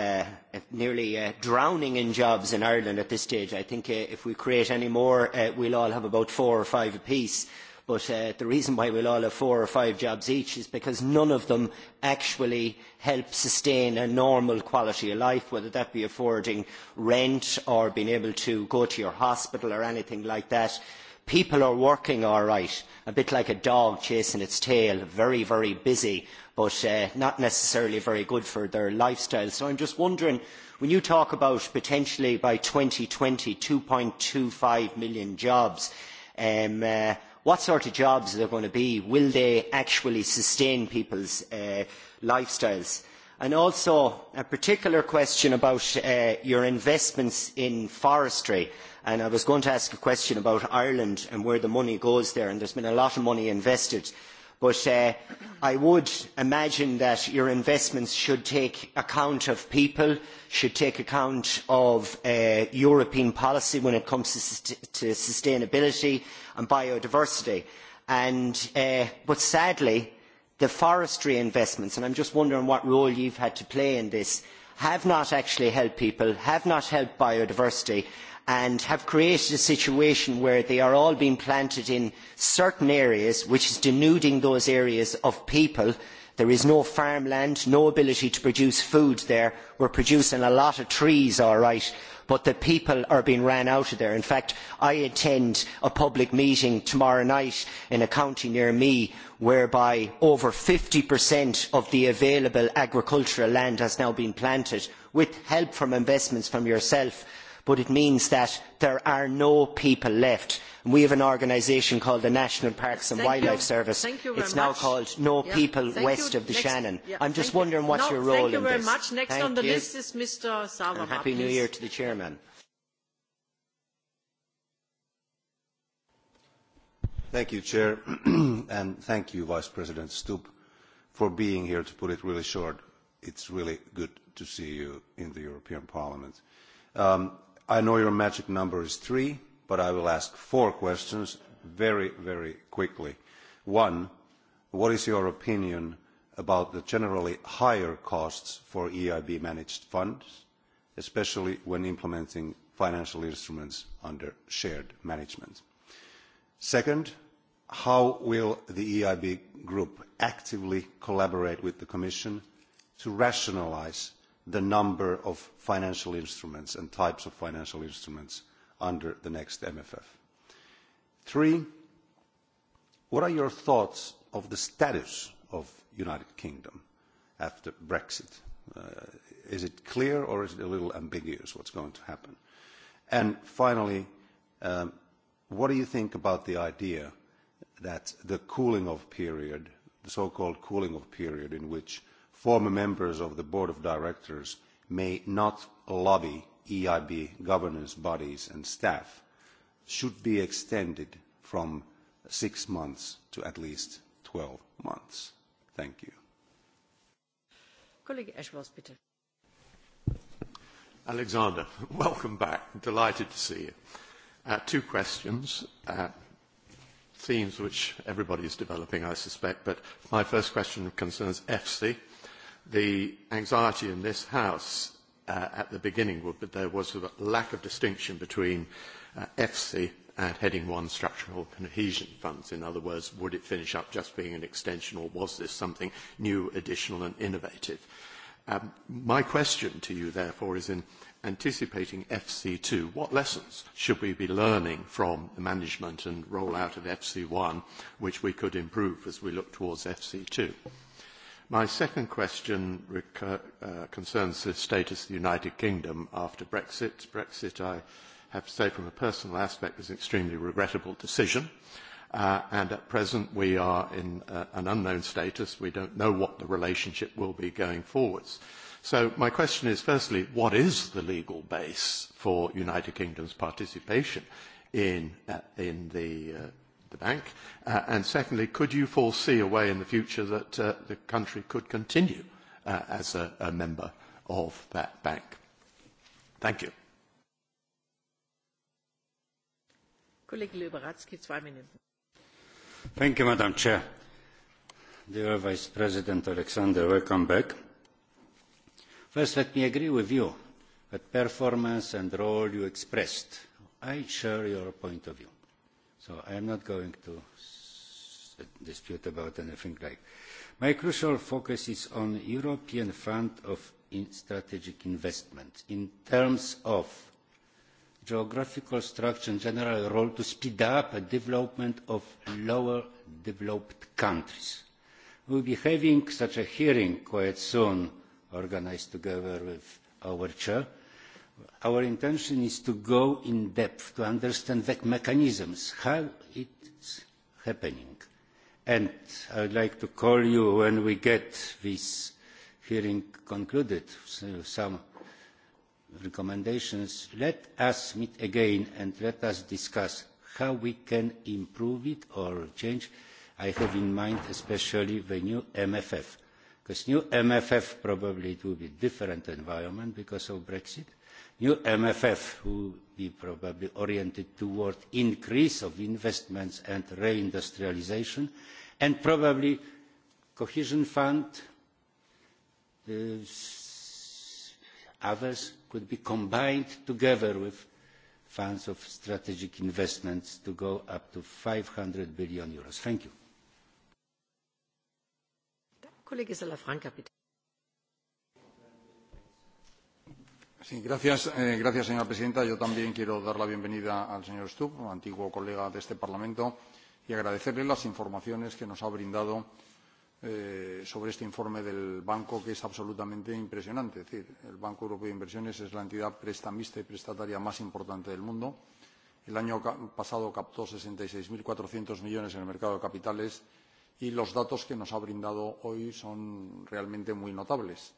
nearly drowning in jobs in Ireland at this stage. I think if we create any more, we we'll all have about four or five apiece. But the reason why we'll all have four or five jobs each is because none of them actually help sustain a normal quality of life, whether that be affording rent or being able to go to your hospital or anything like that people are working all right a bit like a dog chasing its tail very very busy but uh, not necessarily very good for their lifestyle. so i am just wondering when you talk about potentially by two thousand and twenty. two five million jobs um, uh, what sort of jobs are there going to be? will they actually sustain people's uh, lifestyles? and also a particular question about your investments in forestry. I was going to ask a question about Ireland and where the money goes there, and there has been a lot of money invested. But uh, I would imagine that your investments should take account of people, should take account of uh, European policy when it comes to, sustainability and biodiversity. Uh, but sadly, the forestry investments, and I am just wondering what role you have had to play in this, have not actually helped people, have not helped biodiversity, and have created a situation where they are all being planted in certain areas which is denuding those areas of people. There is no farmland, no ability to produce food there. We are producing a lot of trees, all right, but the people are being ran out of there. In fact, I attend a public meeting tomorrow night in a county near me whereby over 50% of the available agricultural land has now been planted with help from investments from yourself but it means that there are no people left. And we have an organisation called the National Parks and thank Wildlife you. Service. Thank you very it's now much. called No yeah. People thank West you. of the Next. Shannon. Yeah. I'm just thank wondering what no, your role thank you in very this. Much. Next thank on the you. list is Mr. Savama, Happy please. New Year to the Chairman. Thank you, Chair, and thank you, Vice President Stubb, for being here. To put it really short, it's really good to see you in the European Parliament. Um, i know your magic number is three, but I will ask four questions very, very quickly. One, what is your opinion about the generally higher costs for EIB managed funds, especially when implementing financial instruments under shared management? Second, how will the EIB group actively collaborate with the Commission to rationalise the number of financial instruments and types of financial instruments under the next MFF. Three, what are your thoughts of the status of United Kingdom after Brexit? Uh, is it clear or is it a little ambiguous what's going to happen? And finally, um, what do you think about the idea that the cooling off period, the so-called cooling off period in which former members of the board of directors may not lobby EIB governance bodies and staff should be extended from six months to at least 12 months. Thank you. Colleague bitte. Alexander, welcome back. Delighted to see you. Uh, two questions, uh, themes which everybody is developing, I suspect, but my first question concerns FC the anxiety in this House uh, at the beginning was that there was a lack of distinction between uh, EFSI and Heading 1 structural cohesion funds. In other words, would it finish up just being an extension or was this something new, additional and innovative? Um, my question to you, therefore, is in anticipating FC2, what lessons should we be learning from the management and rollout of FC1, which we could improve as we look towards FC2? My second question recur, uh, concerns the status of the United Kingdom after Brexit. Brexit, I have to say from a personal aspect, is an extremely regrettable decision. Uh, and at present, we are in uh, an unknown status. We don't know what the relationship will be going forwards. So my question is, firstly, what is the legal base for United Kingdom's participation in, uh, in the uh, the bank? Uh, and secondly, could you foresee a way in the future that uh, the country could continue uh, as a, a member of that bank? Thank you. Thank you, Madam Chair. Dear Vice President Alexander, welcome back. First, let me agree with you that performance and role you expressed. I share your point of view So I am not going to dispute about anything like. My crucial focus is on European Fund of in Strategic Investment in terms of geographical structure and general role to speed up the development of lower developed countries. We will be having such a hearing quite soon, organised together with our chair Our intention is to go in depth, to understand the mechanisms, how it's happening. And I would like to call you when we get this hearing concluded, some recommendations. Let us meet again and let us discuss how we can improve it or change. I have in mind especially the new MFF, because new MFF probably will be a different environment because of Brexit new mff will be probably oriented towards increase of investments and reindustrialisation and probably the cohesion fund and others could be combined together with funds of strategic investments to go up to eur five hundred billion. thank you. Eh, señora presidenta. Yo también quiero dar la bienvenida al señor Stubb, antiguo colega de este Parlamento, y agradecerle las informaciones que nos ha brindado eh, sobre este informe del banco, que es absolutamente impresionante. Es decir, el Banco Europeo de Inversiones es la entidad prestamista y prestataria más importante del mundo. El año pasado captó cuatrocientos millones en el mercado de capitales y los datos que nos ha brindado hoy son realmente muy notables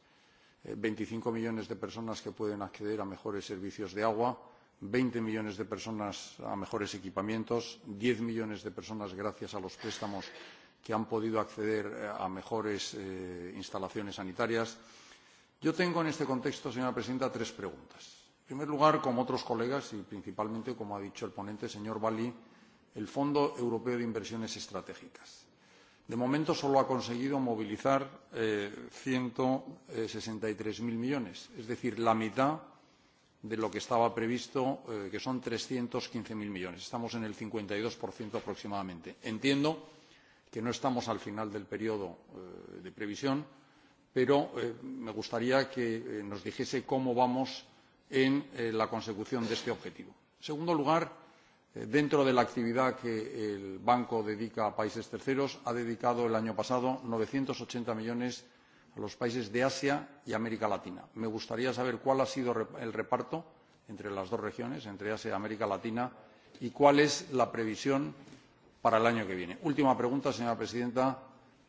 veinticinco millones de personas que pueden acceder a mejores servicios de agua veinte millones de personas a mejores equipamientos diez millones de personas gracias a los préstamos que han podido acceder eh, a mejores eh, instalaciones sanitarias. yo tengo en este contexto señora presidenta tres preguntas. en primer lugar como otros colegas y principalmente como ha dicho el ponente señor Bali, el fondo europeo de inversiones estratégicas de momento solo ha conseguido movilizar eh, ciento sesenta y tres cero millones es decir la mitad de lo que estaba previsto eh, que son trescientos quince cero millones estamos en el cincuenta y dos aproximadamente. entiendo que no estamos al final del periodo eh, de previsión pero me gustaría que nos dijese cómo vamos en la consecución de este objetivo. en segundo lugar dentro de la actividad que el banco dedica a países terceros ha dedicado el año pasado novecientos ochenta millones a los países de asia y américa latina. me gustaría saber cuál ha sido el reparto entre las dos regiones entre asia y américa latina y cuál es la previsión para el año que viene. última pregunta señora presidenta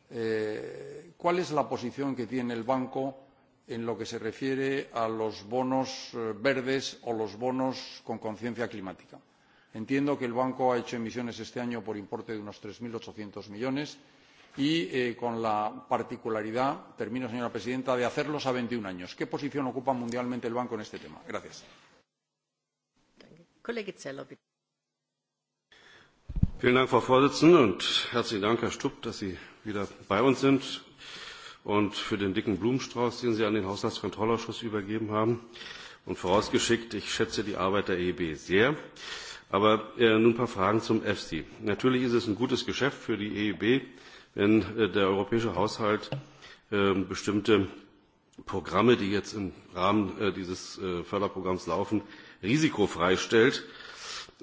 eh, cuál es la posición que tiene el banco en lo que se refiere a los bonos eh, verdes o los bonos con conciencia climática? entiendo que el banco ha hecho emisiones este año por importe de unos tres ochocientos millones y eh, con la particularidad termino señora presidenta de hacerlos a veintiún años. qué posición ocupa mundialmente el banco en este tema? gracias. Vielen Dank, Frau Vorsitzende, und herzlichen Dank, Herr Stubb, dass Sie wieder bei uns sind und für den dicken Blumenstrauß, den Sie an den Haushaltskontrollausschuss übergeben haben. Und vorausgeschickt, ich schätze die Arbeit der EIB sehr. Aber äh, nun ein paar Fragen zum EFSI. Natürlich ist es ein gutes Geschäft für die EIB, e wenn äh, der europäische Haushalt ähm, bestimmte Programme, die jetzt im Rahmen äh, dieses äh, Förderprogramms laufen, risikofrei stellt.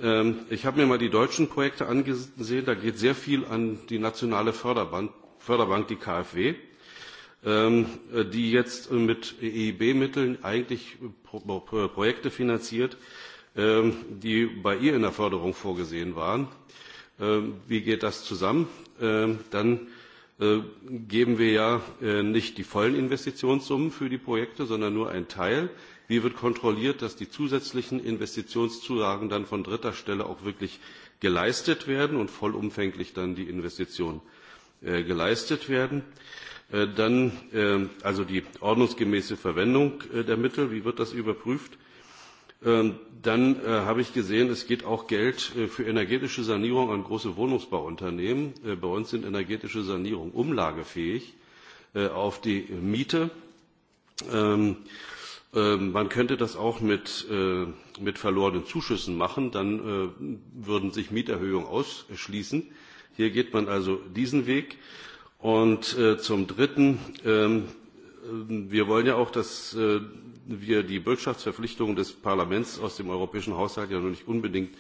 Ähm, ich habe mir mal die deutschen Projekte angesehen. Da geht sehr viel an die nationale Förderbank, Förderbank die KfW ähm, die jetzt mit EIB-Mitteln e eigentlich Projekte finanziert, Ähm, die bei ihr in der förderung vorgesehen waren ähm, wie geht das zusammen? Ähm, dann äh, geben wir ja äh, nicht die vollen investitionssummen für die projekte sondern nur einen teil. wie wird kontrolliert dass die zusätzlichen investitionszusagen dann von dritter stelle auch wirklich geleistet werden und vollumfänglich dann die investitionen äh, geleistet werden? dann also die ordnungsgemäße verwendung der mittel wie wird das überprüft? Ähm, dann äh, habe ich gesehen, es geht auch Geld äh, für energetische Sanierung an große Wohnungsbauunternehmen. Äh, bei uns sind energetische Sanierungen umlagefähig auf die Miete. Ähm, ähm, man könnte das auch mit, mit verlorenen Zuschüssen machen, dann würden sich Mieterhöhungen ausschließen. Hier geht man also diesen Weg. Und zum Dritten, wir wollen ja auch, dass wir die Bürgschaftsverpflichtungen des Parlaments aus dem europäischen Haushalt ja noch nicht unbedingt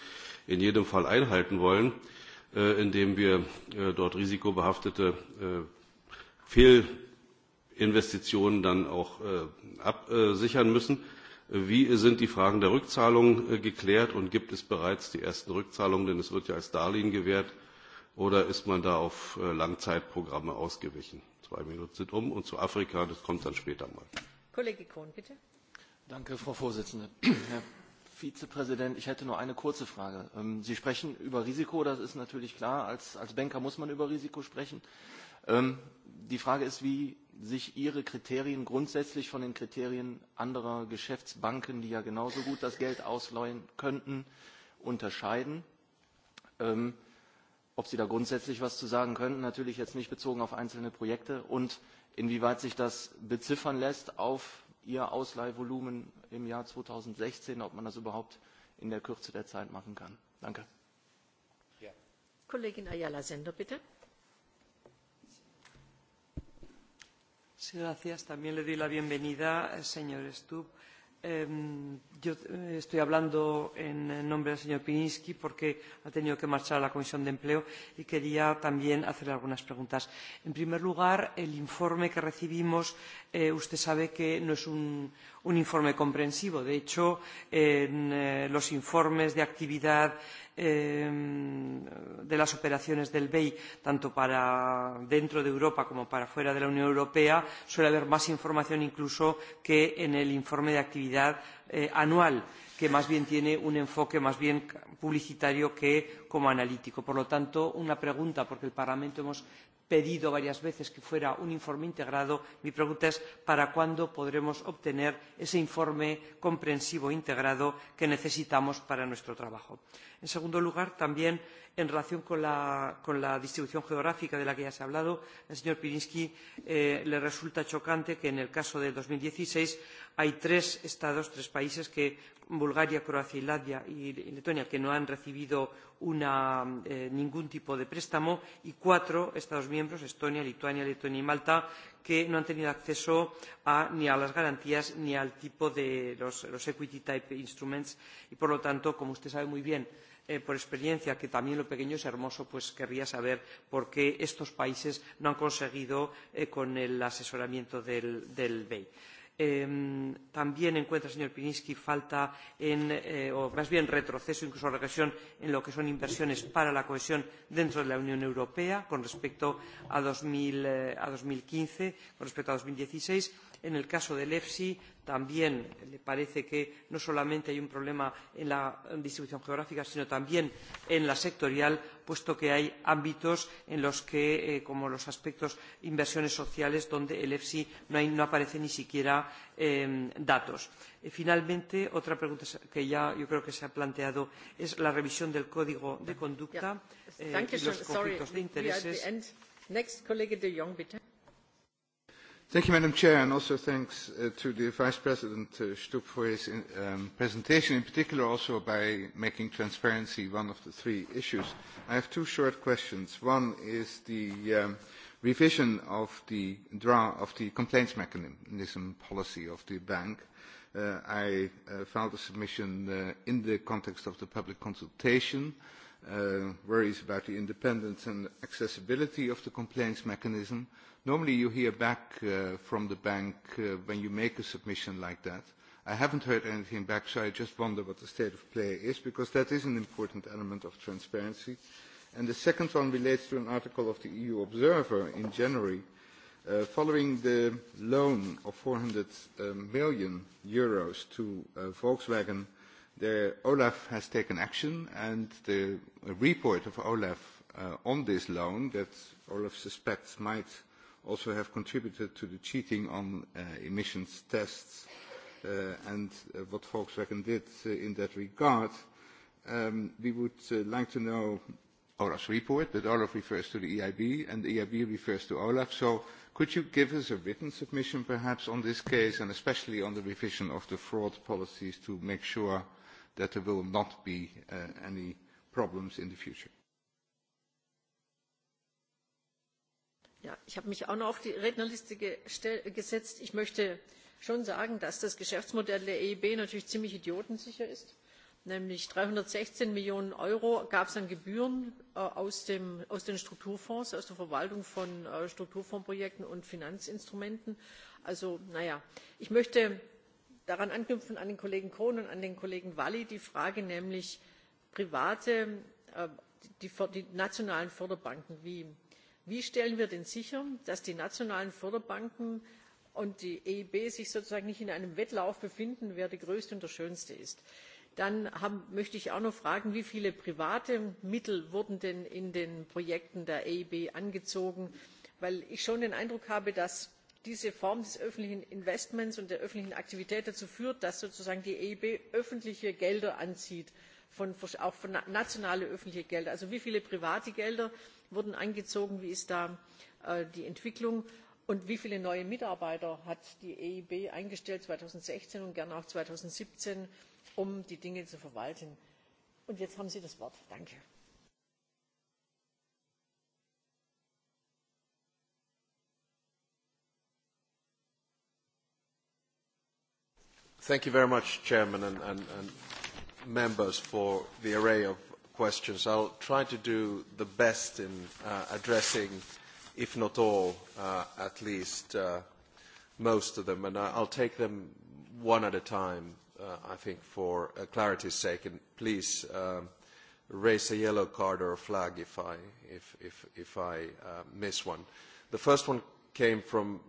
in jedem Fall einhalten wollen, äh, indem wir äh, dort risikobehaftete äh, Fehlinvestitionen dann auch absichern müssen. Wie sind die Fragen der Rückzahlung geklärt und gibt es bereits die ersten Rückzahlungen, denn es wird ja als Darlehen gewährt, oder ist man da auf Langzeitprogramme ausgewichen? Zwei Minuten sind um und zu Afrika, das kommt dann später mal. Kollege Cohn. bitte. Frau Vorsitzende. Herr Vizepräsident, ich hätte nur eine kurze Frage. Ähm, Sie sprechen über Risiko, das ist natürlich klar. Als, Banker muss man über Risiko sprechen. Ähm, die Frage ist, wie sich Ihre Kriterien grundsätzlich von den Kriterien anderer Geschäftsbanken, die ja genauso gut das Geld ausleihen könnten, unterscheiden. Ähm, ob Sie da grundsätzlich was zu sagen könnten, natürlich jetzt nicht bezogen auf einzelne Projekte und inwieweit sich das beziffern lässt auf ihr Ausleihvolumen im Jahr 2016, ob man das überhaupt in der Kürze der Zeit machen kann. Danke. Ja. Kollegin Ayala Sender, bitte. Sí, gracias. También le doy la bienvenida, señor Stubb yo eh, estoy hablando en nombre del señor Pirinski porque ha tenido que marchar a la Comisión de Empleo y quería también hacerle algunas preguntas. En primer lugar, el informe que recibimos, eh, usted sabe que no es un, informe comprensivo. De hecho, en eh, los informes de actividad de las operaciones del bei tanto para dentro de europa como para fuera de la unión europea suele haber más información incluso que en el informe de actividad eh, anual que más bien tiene un enfoque más bien publicitario que como analítico. por lo tanto una pregunta porque el parlamento hemos pedido varias veces que fuera un informe integrado mi pregunta es para cuándo podremos obtener ese informe comprensivo e integrado que necesitamos para nuestro trabajo? en segundo lugar también en relación con la, con la distribución geográfica de la que ya se ha hablado al señor pirinski eh, le resulta chocante que en el caso de dos mil dieciseis hay tres estados tres países que bulgaria croacia y latvia y letonia que no han recibido una, eh, ningún tipo de préstamo y cuatro estados miembros estonia lituania letonia y malta que no han tenido acceso a, ni a las garantías ni al tipo de los, los equity type instruments y por lo tanto como usted sabe muy bien Eh, por experiencia que también lo pequeño es hermoso, pues querría saber por qué estos países no han conseguido eh, con el asesoramiento del, del BEI. Eh, también encuentra, señor Pininski, falta en, eh, o más bien retroceso, incluso regresión en lo que son inversiones para la cohesión dentro de la Unión Europea con respecto a, 2000, eh, a 2015, con respecto a 2016 en el caso del efsi también le parece que no solamente hay un problema en la distribución geográfica sino también en la sectorial puesto que hay ámbitos en los que eh, como los aspectos de inversiones sociales donde el efsi no, no aparece ni siquiera datos. finalmente otra pregunta que ya yo creo que se ha planteado es la revisión del código de conducta eh, y los conflictos de intereses. Thank you, Madam Chair, and also thanks uh, to the Vice President uh, Stubb for his um, presentation, in particular also by making transparency one of the three issues. I have two short questions. One is the um, revision of the, of the complaints mechanism policy of the bank. Uh, I uh, filed a submission uh, in the context of the public consultation uh, worries about the independence and accessibility of the complaints mechanism. Normally you hear back uh, from the bank uh, when you make a submission like that. I haven't heard anything back, so I just wonder what the state of play is, because that is an important element of transparency. And the second one relates to an article of the EU Observer in January, uh, following the loan of 400 uh, million euros to uh, Volkswagen The Olaf has taken action and the report of Olaf uh, on this loan that Olaf suspects might also have contributed to the cheating on uh, emissions tests uh, and what Volkswagen did in that regard. Um, we would like to know Olaf's report, but Olaf refers to the EIB and the EIB refers to Olaf. So could you give us a written submission perhaps on this case and especially on the revision of the fraud policies to make sure that there will not be uh, any problems in the future. Ja, ich habe mich auch noch auf die Rednerliste gesetzt. Ich möchte schon sagen, dass das Geschäftsmodell der EIB natürlich ziemlich idiotensicher ist. Nämlich 316 Millionen Euro gab es an Gebühren äh, aus, dem, aus den Strukturfonds, aus der Verwaltung von äh, Strukturfondsprojekten und Finanzinstrumenten. Also, naja, ich möchte daran anknüpfend an den kollegen cohn und an den kollegen valli die frage nämlich private äh, die, nationalen förderbanken wie, stellen wir denn sicher dass die nationalen förderbanken und die eib sich sozusagen nicht in einem wettlauf befinden wer der größte und der schönste ist? dann möchte ich auch noch fragen wie viele private mittel wurden denn in den projekten der eib angezogen? weil ich schon den eindruck habe dass diese form des öffentlichen investments und der öffentlichen aktivität dazu führt dass sozusagen die eib öffentliche gelder anzieht auch von nationale öffentliche gelder also wie viele private gelder wurden angezogen wie ist da äh, die entwicklung und wie viele neue mitarbeiter hat die eib eingestellt zweitausendsechzehn und gerne auch zweitausendsiebzehn um die dinge zu verwalten? und jetzt haben sie das wort. danke. Thank you very much, Chairman and, and, and members, for the array of questions. I'll try to do the best in uh, addressing, if not all, uh, at least uh, most of them, and I'll take them one at a time, uh, I think, for uh, clarity's sake, and please um, raise a yellow card or a flag if I, if, if, if I uh, miss one. The first one came from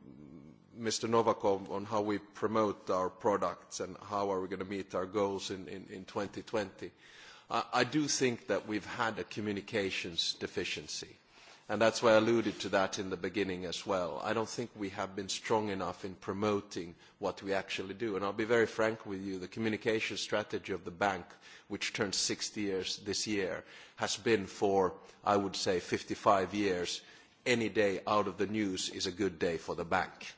Mr. Novakov on how we promote our products and how are we going to meet our goals in, in, in 2020. I, I do think that we've had a communications deficiency, and that's why I alluded to that in the beginning as well. I don't think we have been strong enough in promoting what we actually do. And I'll be very frank with you, the communication strategy of the bank, which turns 60 years this year, has been for, I would say, 55 years, any day out of the news is a good day for the bank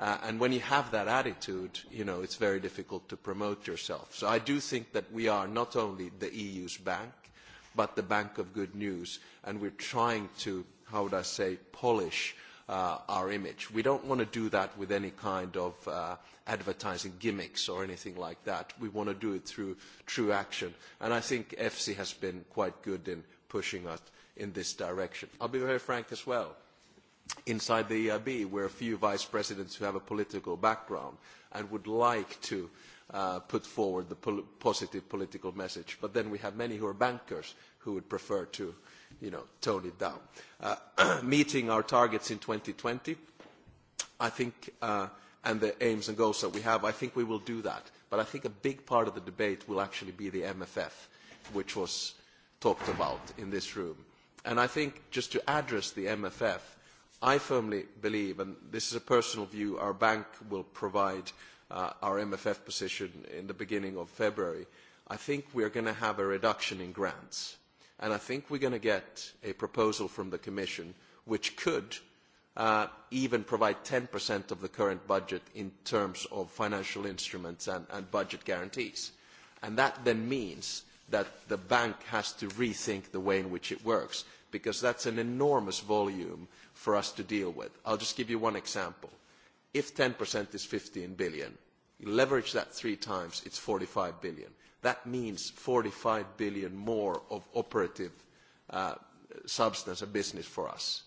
Uh, and when you have that attitude, you know, it's very difficult to promote yourself. So I do think that we are not only the EU's bank, but the bank of good news, and we're trying to, how would I say, polish uh, our image. We don't want to do that with any kind of uh, advertising gimmicks or anything like that. We want to do it through true action. And I think EFSI has been quite good in pushing us in this direction. I'll be very frank as well inside the EIB, where a few vice presidents who have a political background and would like to uh, put forward the positive political message. But then we have many who are bankers who would prefer to tone it down. Uh, meeting our targets in 2020, I think, uh, and the aims and goals that we have, I think we will do that. But I think a big part of the debate will actually be the MFF, which was talked about in this room. And I think just to address the MFF, i firmly believe, and this is a personal view, our bank will provide uh, our MFF position in the beginning of February. I think we are going to have a reduction in grants, and I think we are going to get a proposal from the Commission which could uh, even provide 10% of the current budget in terms of financial instruments and, and budget guarantees. And that then means that the bank has to rethink the way in which it works because that's an enormous volume for us to deal with. I'll just give you one example. If 10% is 15 billion, you leverage that three times, it's 45 billion. That means 45 billion more of operative uh, substance and business for us.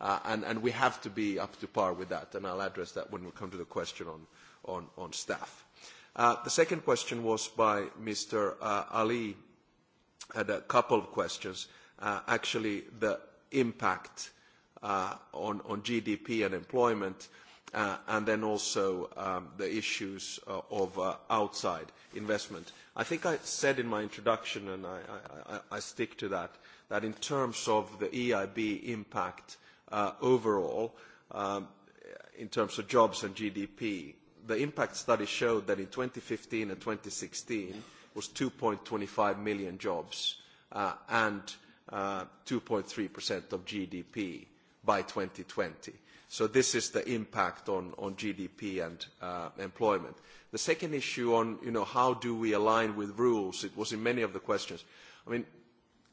Uh, and, and we have to be up to par with that, and I'll address that when we come to the question on, on, staff. Uh, the second question was by Mr. Ali. Had a couple of questions. Uh, actually the impact uh, on, on GDP and employment, uh, and then also um, the issues uh, of uh, outside investment. I think I said in my introduction, and I, I, I stick to that, that in terms of the EIB impact uh, overall, um, in terms of jobs and GDP, the impact study showed that in 2015 and 2016 was 2.25 million jobs uh, and 2.3% uh, of GDP by 2020. So this is the impact on, GDP and uh, employment. The second issue on, how do we align with rules, it was in many of the questions. I mean,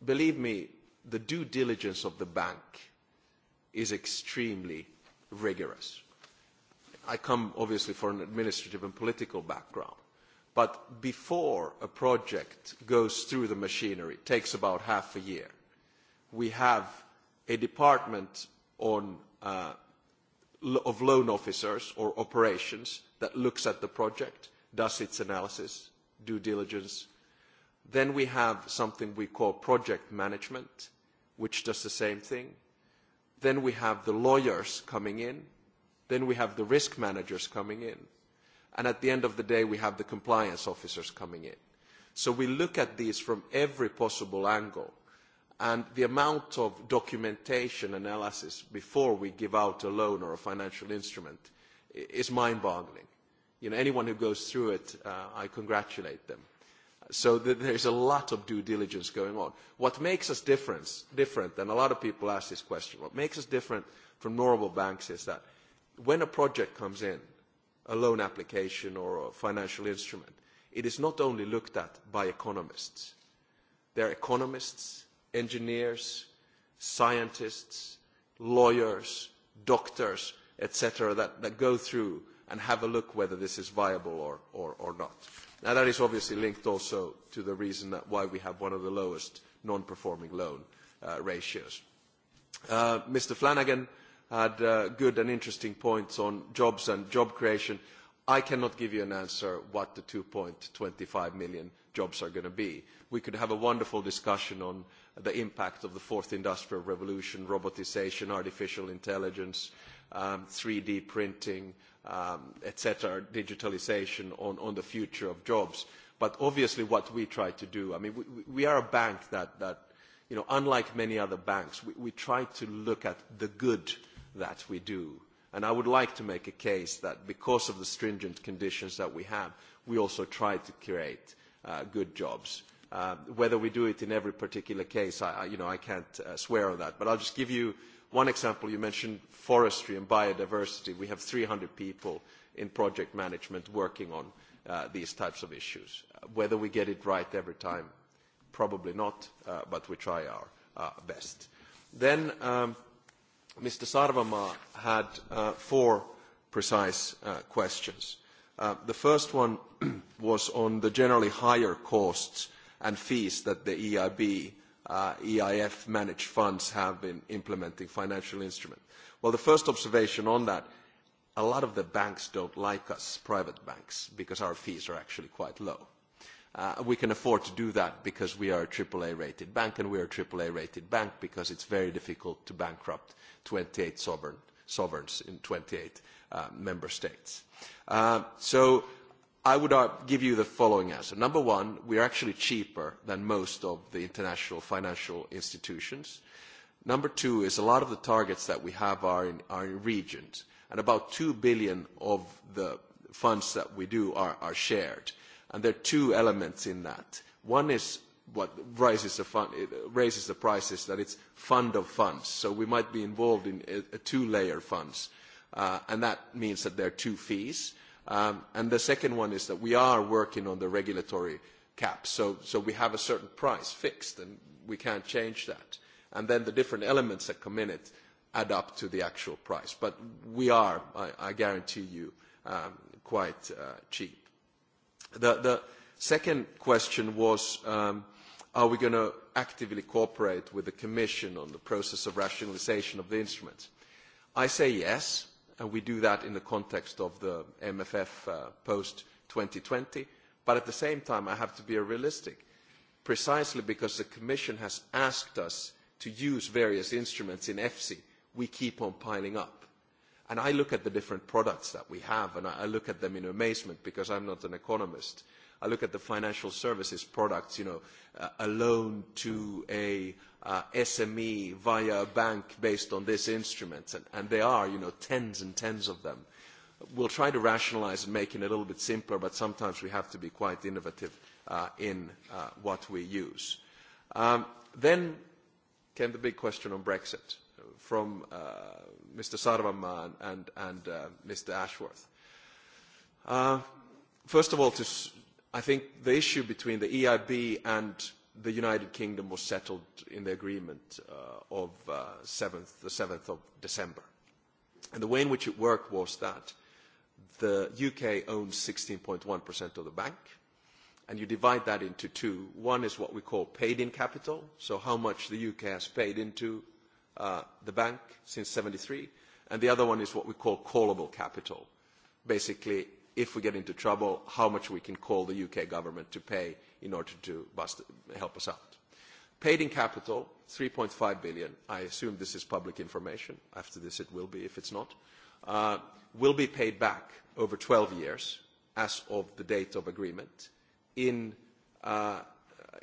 believe me, the due diligence of the bank is extremely rigorous. I come obviously from an administrative and political background, but before a project goes through the machinery, it takes about half a year we have a department on, uh, of loan officers or operations that looks at the project, does its analysis, due diligence. Then we have something we call project management, which does the same thing. Then we have the lawyers coming in. Then we have the risk managers coming in. And at the end of the day, we have the compliance officers coming in. So we look at these from every possible angle and the amount of documentation analysis before we give out a loan or a financial instrument is mind-boggling. You know, anyone who goes through it, uh, I congratulate them. So th there's a lot of due diligence going on. What makes us difference, different, and a lot of people ask this question, what makes us different from normal banks is that when a project comes in, a loan application or a financial instrument, it is not only looked at by economists. There are economists, engineers, scientists, lawyers, doctors, etc., that, go through and have a look whether this is viable or, or, not. that is obviously linked also to the reason that why we have one of the lowest non-performing loan uh, ratios. Uh, Mr. Flanagan had uh, good and interesting points on jobs and job creation. I cannot give you an answer what the 2.25 million jobs are going to be. We could have a wonderful discussion on the impact of the fourth industrial revolution, robotisation, artificial intelligence, 3D um, printing, um, etc., digitalisation on, on the future of jobs. But obviously what we try to do, I mean, we, we are a bank that, that you know, unlike many other banks, we, try to look at the good that we do. And I would like to make a case that because of the stringent conditions that we have, we also try to create uh, good jobs. Uh, whether we do it in every particular case, I, can't uh, swear on that. But I'll just give you one example. You mentioned forestry and biodiversity. We have 300 people in project management working on uh, these types of issues. Whether we get it right every time, probably not, but we try our best. Then Mr. Um, Sarvamaa had four precise questions. The first one was on the generally higher costs and fees that the EIB, uh, EIF managed funds have in implementing financial instruments. Well, the first observation on that, a lot of the banks don't like us, private banks, because our fees are actually quite low. Uh, we can afford to do that because we are a AAA rated bank and we are a AAA rated bank because it's very difficult to bankrupt 28 sovereign, sovereigns in 28 uh, member states. so i would uh, give you the following answer. Number one, we are actually cheaper than most of the international financial institutions. Number two is a lot of the targets that we have are in, are in regions, and about 2 billion of the funds that we do are, are shared. And there are two elements in that. One is what raises the, fund, raises the prices, that it's fund of funds. So we might be involved in a, two-layer funds, uh, and that means that there are two fees Um, and the second one is that we are working on the regulatory cap. So, so we have a certain price fixed, and we can't change that. And then the different elements that come in it add up to the actual price. But we are, I, I guarantee you, um, quite uh, cheap. The, the second question was, um, are we going to actively cooperate with the Commission on the process of rationalisation of the instruments? I say yes and we do that in the context of the MFF uh, post-2020. But at the same time, I have to be realistic, precisely because the Commission has asked us to use various instruments in EFSI, we keep on piling up. And I look at the different products that we have, and I look at them in amazement because I'm not an economist. I look at the financial services products, you know, uh, a loan to a uh, SME via a bank based on this instrument, and, there are, you know, tens and tens of them. We'll try to rationalize and make it a little bit simpler, but sometimes we have to be quite innovative uh, in uh, what we use. Um, then came the big question on Brexit from uh, Mr. Sarvaman and, and uh, Mr. Ashworth. Uh, first of all, to, i think the issue between the EIB and the United Kingdom was settled in the agreement uh, of 7th, uh, the 7th of December. And the way in which it worked was that the UK owns 16.1% of the bank, and you divide that into two. One is what we call paid-in capital, so how much the UK has paid into uh, the bank since 73, and the other one is what we call callable capital, basically if we get into trouble, how much we can call the UK government to pay in order to help us out. Paid in capital, 3.5 billion. I assume this is public information. After this, it will be, if it's not. Uh, will be paid back over 12 years as of the date of agreement in, uh,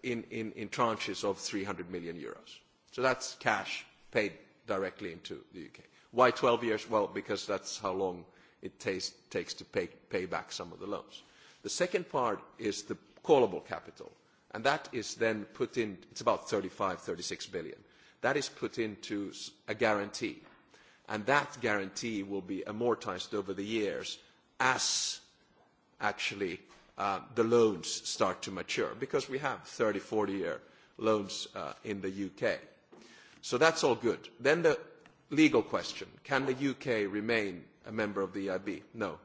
in, in, in tranches of 300 million euros. So that's cash paid directly into the UK. Why 12 years? Well, because that's how long it takes to pay, back some of the loans. The second part is the callable capital, and that is then put in, it's about 35, 36 billion. That is put into a guarantee, and that guarantee will be amortised over the years as actually uh, the loans start to mature, because we have 30, 40-year loans uh, in the U.K. So that's all good. Then the legal question, can the U.K. remain a member of the EIB. No,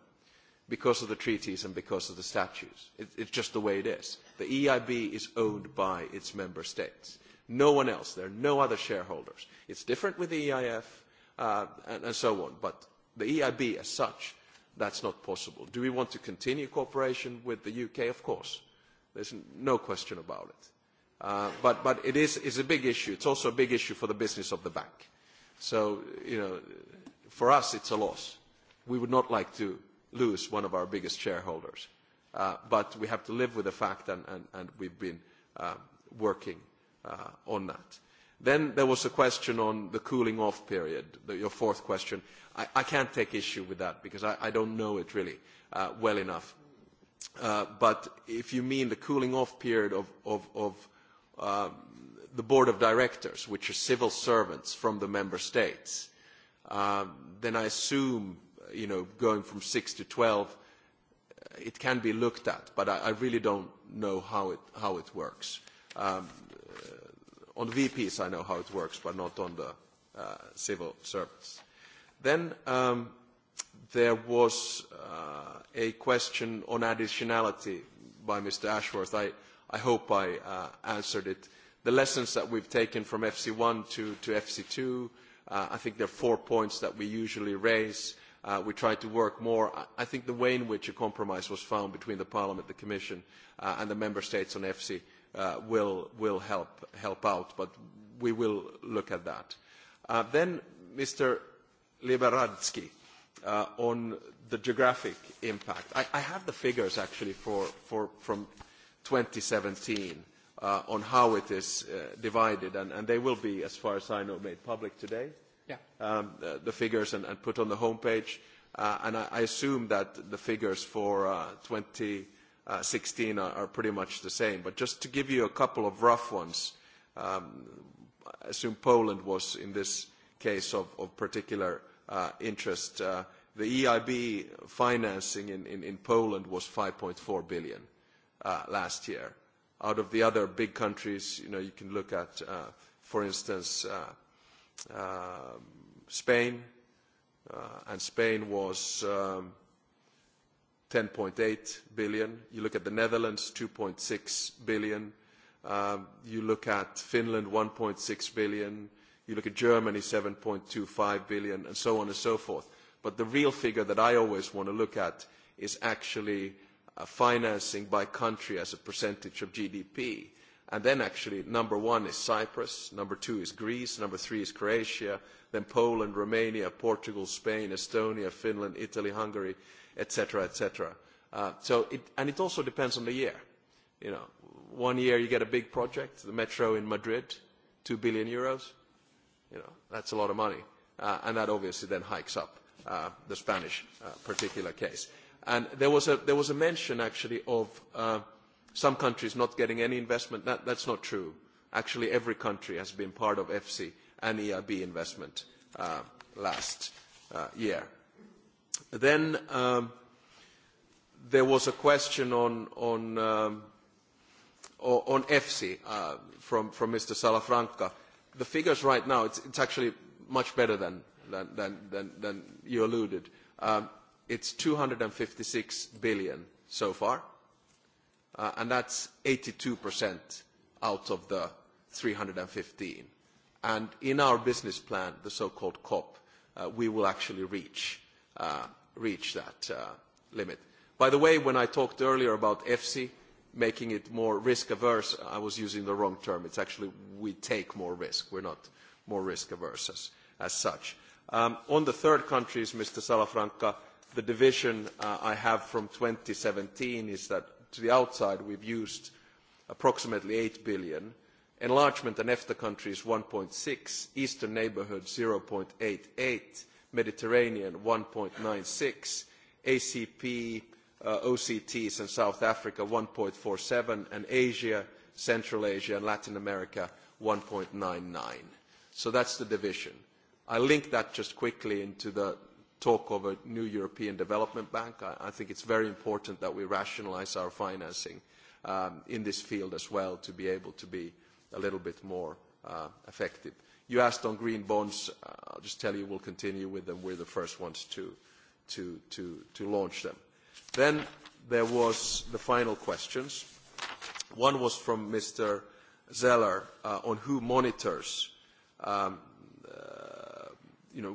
because of the treaties and because of the statutes. It, it's just the way it is. The EIB is owned by its member states. No one else. There are no other shareholders. It's different with the EIF uh, and, so on. But the EIB as such, that's not possible. Do we want to continue cooperation with the UK? Of course. There's no question about it. Uh, but, but it is it's a big issue. It's also a big issue for the business of the bank. So, you know, for us, it's a loss we would not like to lose one of our biggest shareholders. Uh, but we have to live with the fact, and, and, we've been um, working uh, on that. Then there was a question on the cooling off period, your fourth question. I, I can't take issue with that because I, I don't know it really uh, well enough. but if you mean the cooling off period of, of, um, the board of directors, which are civil servants from the member states, um, then I assume you know, going from six to 12, it can be looked at, but I, I really don't know how it, how it works. Um, uh, on the VPs, I know how it works, but not on the uh, civil service. Then um, there was uh, a question on additionality by Mr. Ashworth. I, I hope I uh, answered it. The lessons that we've taken from FC1 to, to FC2, I think there are four points that we usually raise. Uh, we tried to work more. I think the way in which a compromise was found between the Parliament, the Commission uh, and the Member States on EFSI uh, will, will help, help out, but we will look at that. Then Mr. Liberadsky on the geographic impact. I, I have the figures actually for, for, from 2017 on how it is divided, and they will be, as far as I know, made public today yeah. Um, uh, the, figures and, put on the homepage. Uh, and I, assume that the figures for 2016 uh, are, pretty much the same. But just to give you a couple of rough ones, um, I assume Poland was in this case of, particular interest. the EIB financing in, in, Poland was 5.4 billion last year. Out of the other big countries, you know, you can look at, for instance, Uh, Spain, uh, and Spain was 10.8 um, billion. You look at the Netherlands, 2.6 billion. Um, you look at Finland, 1.6 billion. You look at Germany, 7.25 billion, and so on and so forth. But the real figure that I always want to look at is actually uh, financing by country as a percentage of GDP. And then actually number one is Cyprus, number two is Greece, number three is Croatia, then Poland, Romania, Portugal, Spain, Estonia, Finland, Italy, Hungary, etc., etc. Uh, so it, and it also depends on the year. You know, one year you get a big project, the metro in Madrid, two billion euros. You know, that's a lot of money, uh, and that obviously then hikes up uh, the Spanish uh, particular case. And there was a there was a mention actually of. Uh, some countries not getting any investment. that's not true. Actually, every country has been part of EFSI and EIB investment uh, last uh, year. Then um, there was a question on, on, um, on EFSI uh, from, from Mr. Salafranca. The figures right now, it's, actually much better than, than, than, than you alluded. Um, it's 256 billion so far uh, and that's 82% out of the 315. And in our business plan, the so-called COP, uh, we will actually reach, uh, reach that uh, limit. By the way, when I talked earlier about EFSI, making it more risk averse, I was using the wrong term. It's actually we take more risk. We're not more risk averse as, such. Um, on the third countries, Mr. Salafranca, the division I have from 2017 is that to the outside we have used approximately eur eight billion enlargement and efta countries eur. one six eastern neighbourhood zero eighty eight mediterranean one ninety six acp uh, octs and south africa one forty seven and asia central asia and latin america. one ninety nine so that the division. i link that just quickly into the talk of a new European Development Bank. I, I think it's very important that we rationalize our financing um, in this field as well to be able to be a little bit more uh, effective. You asked on green bonds. Uh, I'll just tell you we'll continue with them. We're the first ones to, to, to, to launch them. Then there was the final questions. One was from Mr. Zeller uh, on who monitors um,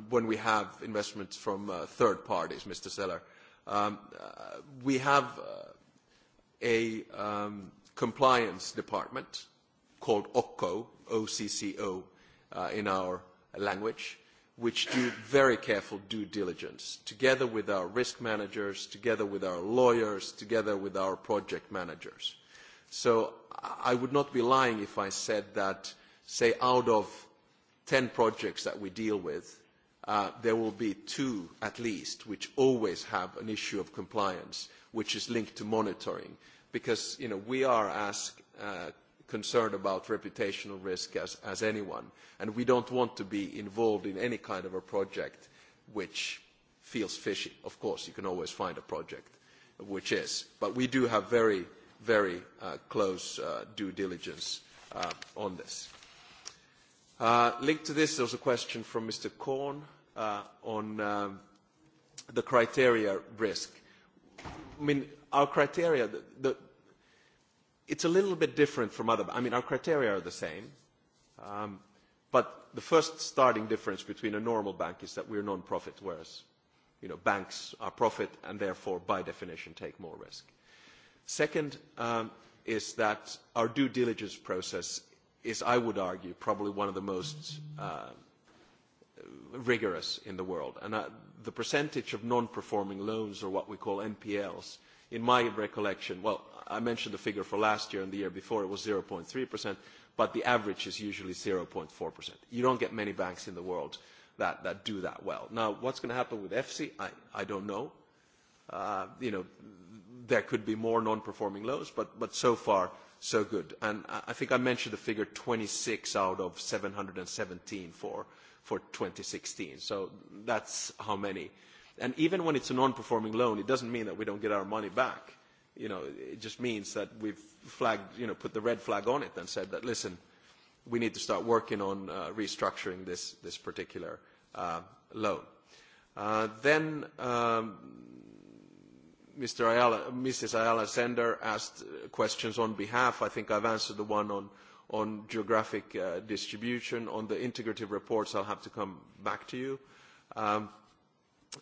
when we have investments from uh, third parties, Mr. Seller. Um, uh, we have uh, a um, compliance department called OCCO, O-C-C-O in our language, which do very careful due diligence, together with our risk managers, together with our lawyers, together with our project managers. So I would not be lying if I said that, say, out of 10 projects that we deal with, Uh, there will be two at least which always have an issue of compliance which is linked to monitoring because we are as uh, concerned about reputational risk as, anyone and we don't want to be involved in any kind of a project which feels fishy. Of course, you can always find a project which is, but we do have very, very uh, close due diligence on this. Uh, linked to this, there was a question from Mr. Korn uh, on um, the criteria risk. I mean, our criteria, it's a little bit different from other. I mean, our criteria are the same, um, but the first starting difference between a normal bank is that we're non-profit, whereas you know, banks are profit and therefore, by definition, take more risk. Second um, is that our due diligence process is, I would argue, probably one of the most uh, rigorous in the world. And uh, the percentage of non-performing loans, or what we call NPLs, in my recollection, well, I mentioned the figure for last year and the year before, it was 0.3%, but the average is usually 0.4%. You don't get many banks in the world that, that do that well. Now, what's going to happen with FC? I, I don't know. Uh, you know, there could be more non-performing loans, but, but so far so good. And I think I mentioned the figure 26 out of 717 for, for 2016. So that's how many. And even when it's a non-performing loan, it doesn't mean that we don't get our money back. You know, it just means that we've flagged, you know, put the red flag on it and said that, listen, we need to start working on uh, restructuring this, this particular uh, loan. Uh, then um, Mr. Ayala, Mrs. Ayala Sender asked questions on behalf. I think I've answered the one on, on geographic uh, distribution. On the integrative reports, I'll have to come back to you. Um,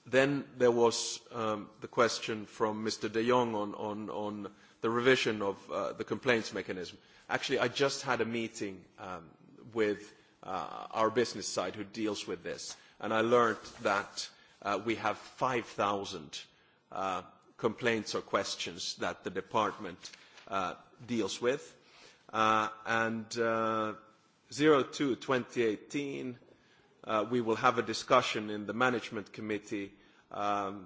then there was um, the question from Mr. De Jong on, on, the revision of uh, the complaints mechanism. Actually, I just had a meeting um, with uh, our business side who deals with this, and I learned that we have 5,000 uh, complaints or questions that the department uh, deals with. Uh, and 02 uh, 2018, we will have a discussion in the management committee um,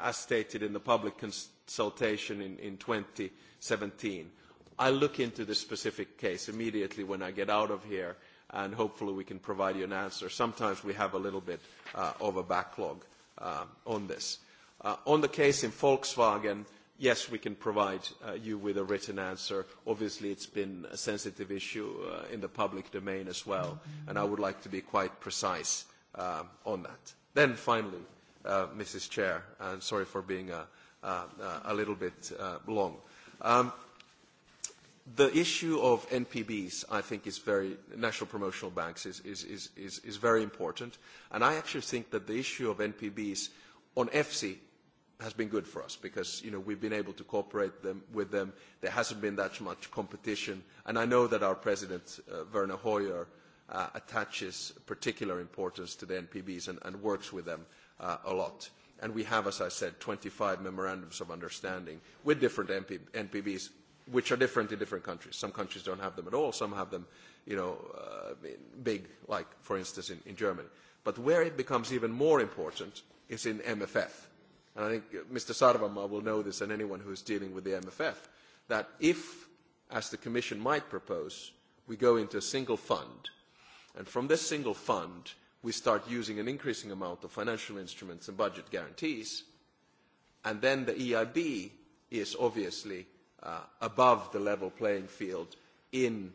as stated in the public consultation in, 2017. I'll look into this specific case immediately when I get out of here and hopefully we can provide you an answer. Sometimes we have a little bit of a backlog um, on this. Uh, on the case in Volkswagen, yes, we can provide uh, you with a written answer. Obviously, it's been a sensitive issue uh, in the public domain as well, and I would like to be quite precise on that. Then finally, Mrs. Chair, and sorry for being a, little bit long. Um, the issue of NPBs, I think, is very, national promotional banks, is, is very important. And I actually think that the issue of NPBs on EFSI has been good for us because you know we've been able to cooperate them, with them. There hasn't been that much competition, and I know that our president uh, Werner Hoyer uh, attaches particular importance to the NPBs and, works with them uh, a lot. And we have, as I said, 25 memorandums of understanding with different NPBs, which are different in different countries. Some countries don't have them at all. Some have them, you know, uh, big, like for instance in, in Germany. But where it becomes even more important is in MFF and I think uh, Mr. Sarvamaa will know this and anyone who is dealing with the MFF, that if, as the Commission might propose, we go into a single fund, and from this single fund we start using an increasing amount of financial instruments and budget guarantees, and then the EIB is obviously uh, above the level playing field in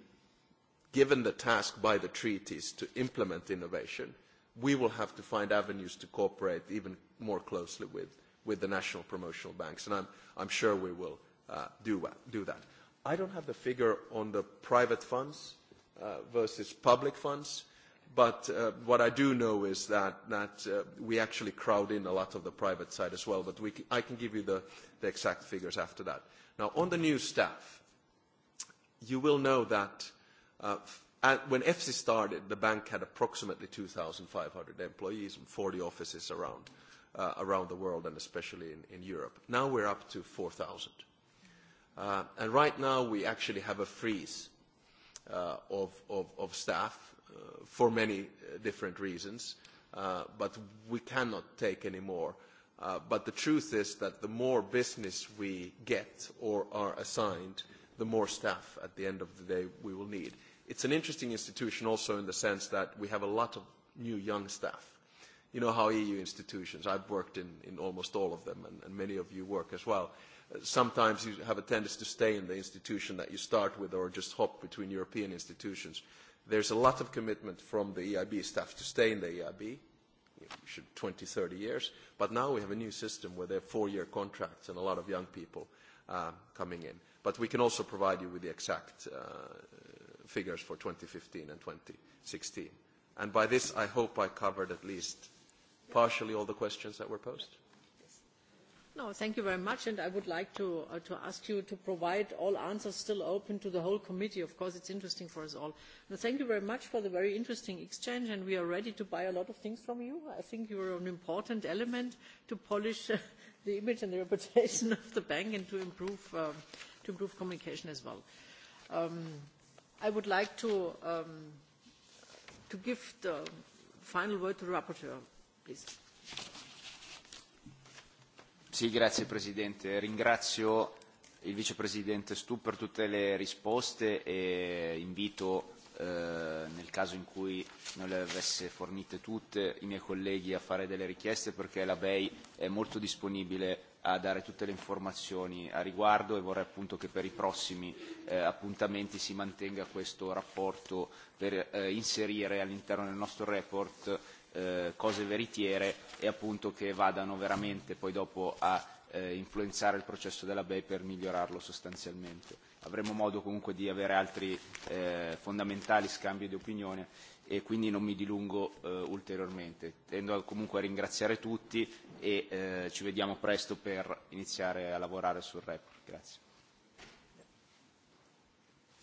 given the task by the treaties to implement innovation, we will have to find avenues to cooperate even more closely with with the national promotional banks, and I'm, I'm sure we will uh, do, do that. I don't have the figure on the private funds uh, versus public funds, but uh, what I do know is that, that uh, we actually crowd in a lot of the private side as well, but we I can give you the, the exact figures after that. Now, on the new staff, you will know that uh, when EFSI started, the bank had approximately 2,500 employees and 40 offices around. Uh, around the world and especially in, Europe. Now we're up to 4,000. Uh, and right now we actually have a freeze uh, of, staff for many different reasons, but we cannot take any more. but the truth is that the more business we get or are assigned, the more staff at the end of the day we will need. It's an interesting institution also in the sense that we have a lot of new young staff you know how EU institutions, I've worked in, in almost all of them, and, and many of you work as well. Sometimes you have a tendency to stay in the institution that you start with or just hop between European institutions. There's a lot of commitment from the EIB staff to stay in the EIB, should 20, 30 years, but now we have a new system where there are four-year contracts and a lot of young people um, coming in. But we can also provide you with the exact uh, figures for 2015 and 2016. And by this, I hope I covered at least partially all the questions that were posed. No, thank you very much, and I would like to, uh, to ask you to provide all answers still open to the whole committee. Of course, it's interesting for us all. And thank you very much for the very interesting exchange, and we are ready to buy a lot of things from you. I think you are an important element to polish uh, the image and the reputation of the bank and to improve, um to improve communication as well. Um, I would like to, um, to give the final word to the rapporteur grazie Presidente. Ringrazio il Vicepresidente Stu per tutte le risposte e invito, eh, nel caso in cui non le avesse fornite tutte, i miei colleghi a fare delle richieste perché la BEI è molto disponibile a dare tutte le informazioni a riguardo e vorrei appunto che per i prossimi eh, appuntamenti si mantenga questo rapporto per eh, inserire all'interno del nostro report Eh, cose veritiere e appunto che vadano veramente poi dopo a eh, influenzare il processo della BEI per migliorarlo sostanzialmente. Avremo modo comunque di avere altri eh, fondamentali scambi di opinione e quindi non mi dilungo ulteriormente. Tendo comunque a ringraziare tutti e ci vediamo presto per iniziare a lavorare sul report. Grazie.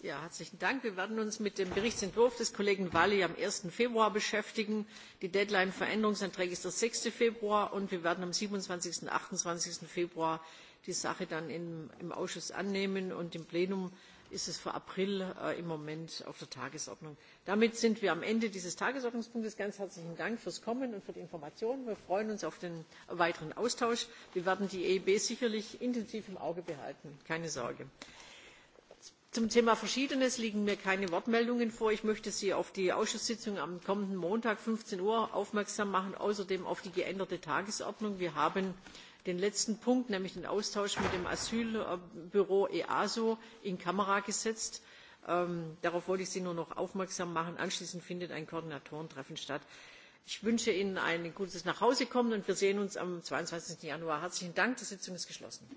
Ja, herzlichen Dank. Wir werden uns mit dem Berichtsentwurf des Kollegen Valli am 1. Februar beschäftigen. Die Deadline für Änderungsanträge ist der 6. Februar und wir werden am 27. und 28. Februar die Sache dann im, Ausschuss annehmen und im Plenum ist es für April äh, im Moment auf der Tagesordnung. Damit sind wir am Ende dieses Tagesordnungspunktes. Ganz herzlichen Dank fürs Kommen und für die Informationen. Wir freuen uns auf den weiteren Austausch. Wir werden die EIB e sicherlich intensiv im Auge behalten. Keine Sorge. Zum Thema Verschiedenes liegen mir keine Wortmeldungen vor. Ich möchte Sie auf die Ausschusssitzung am kommenden Montag 15 Uhr aufmerksam machen, außerdem auf die geänderte Tagesordnung. Wir haben den letzten Punkt, nämlich den Austausch mit dem Asylbüro EASO, in Kamera gesetzt. Ähm, darauf wollte ich Sie nur noch aufmerksam machen. Anschließend findet ein Koordinatorentreffen statt. Ich wünsche Ihnen ein gutes Nachhausekommen und wir sehen uns am 22. Januar. Herzlichen Dank. Die Sitzung ist geschlossen.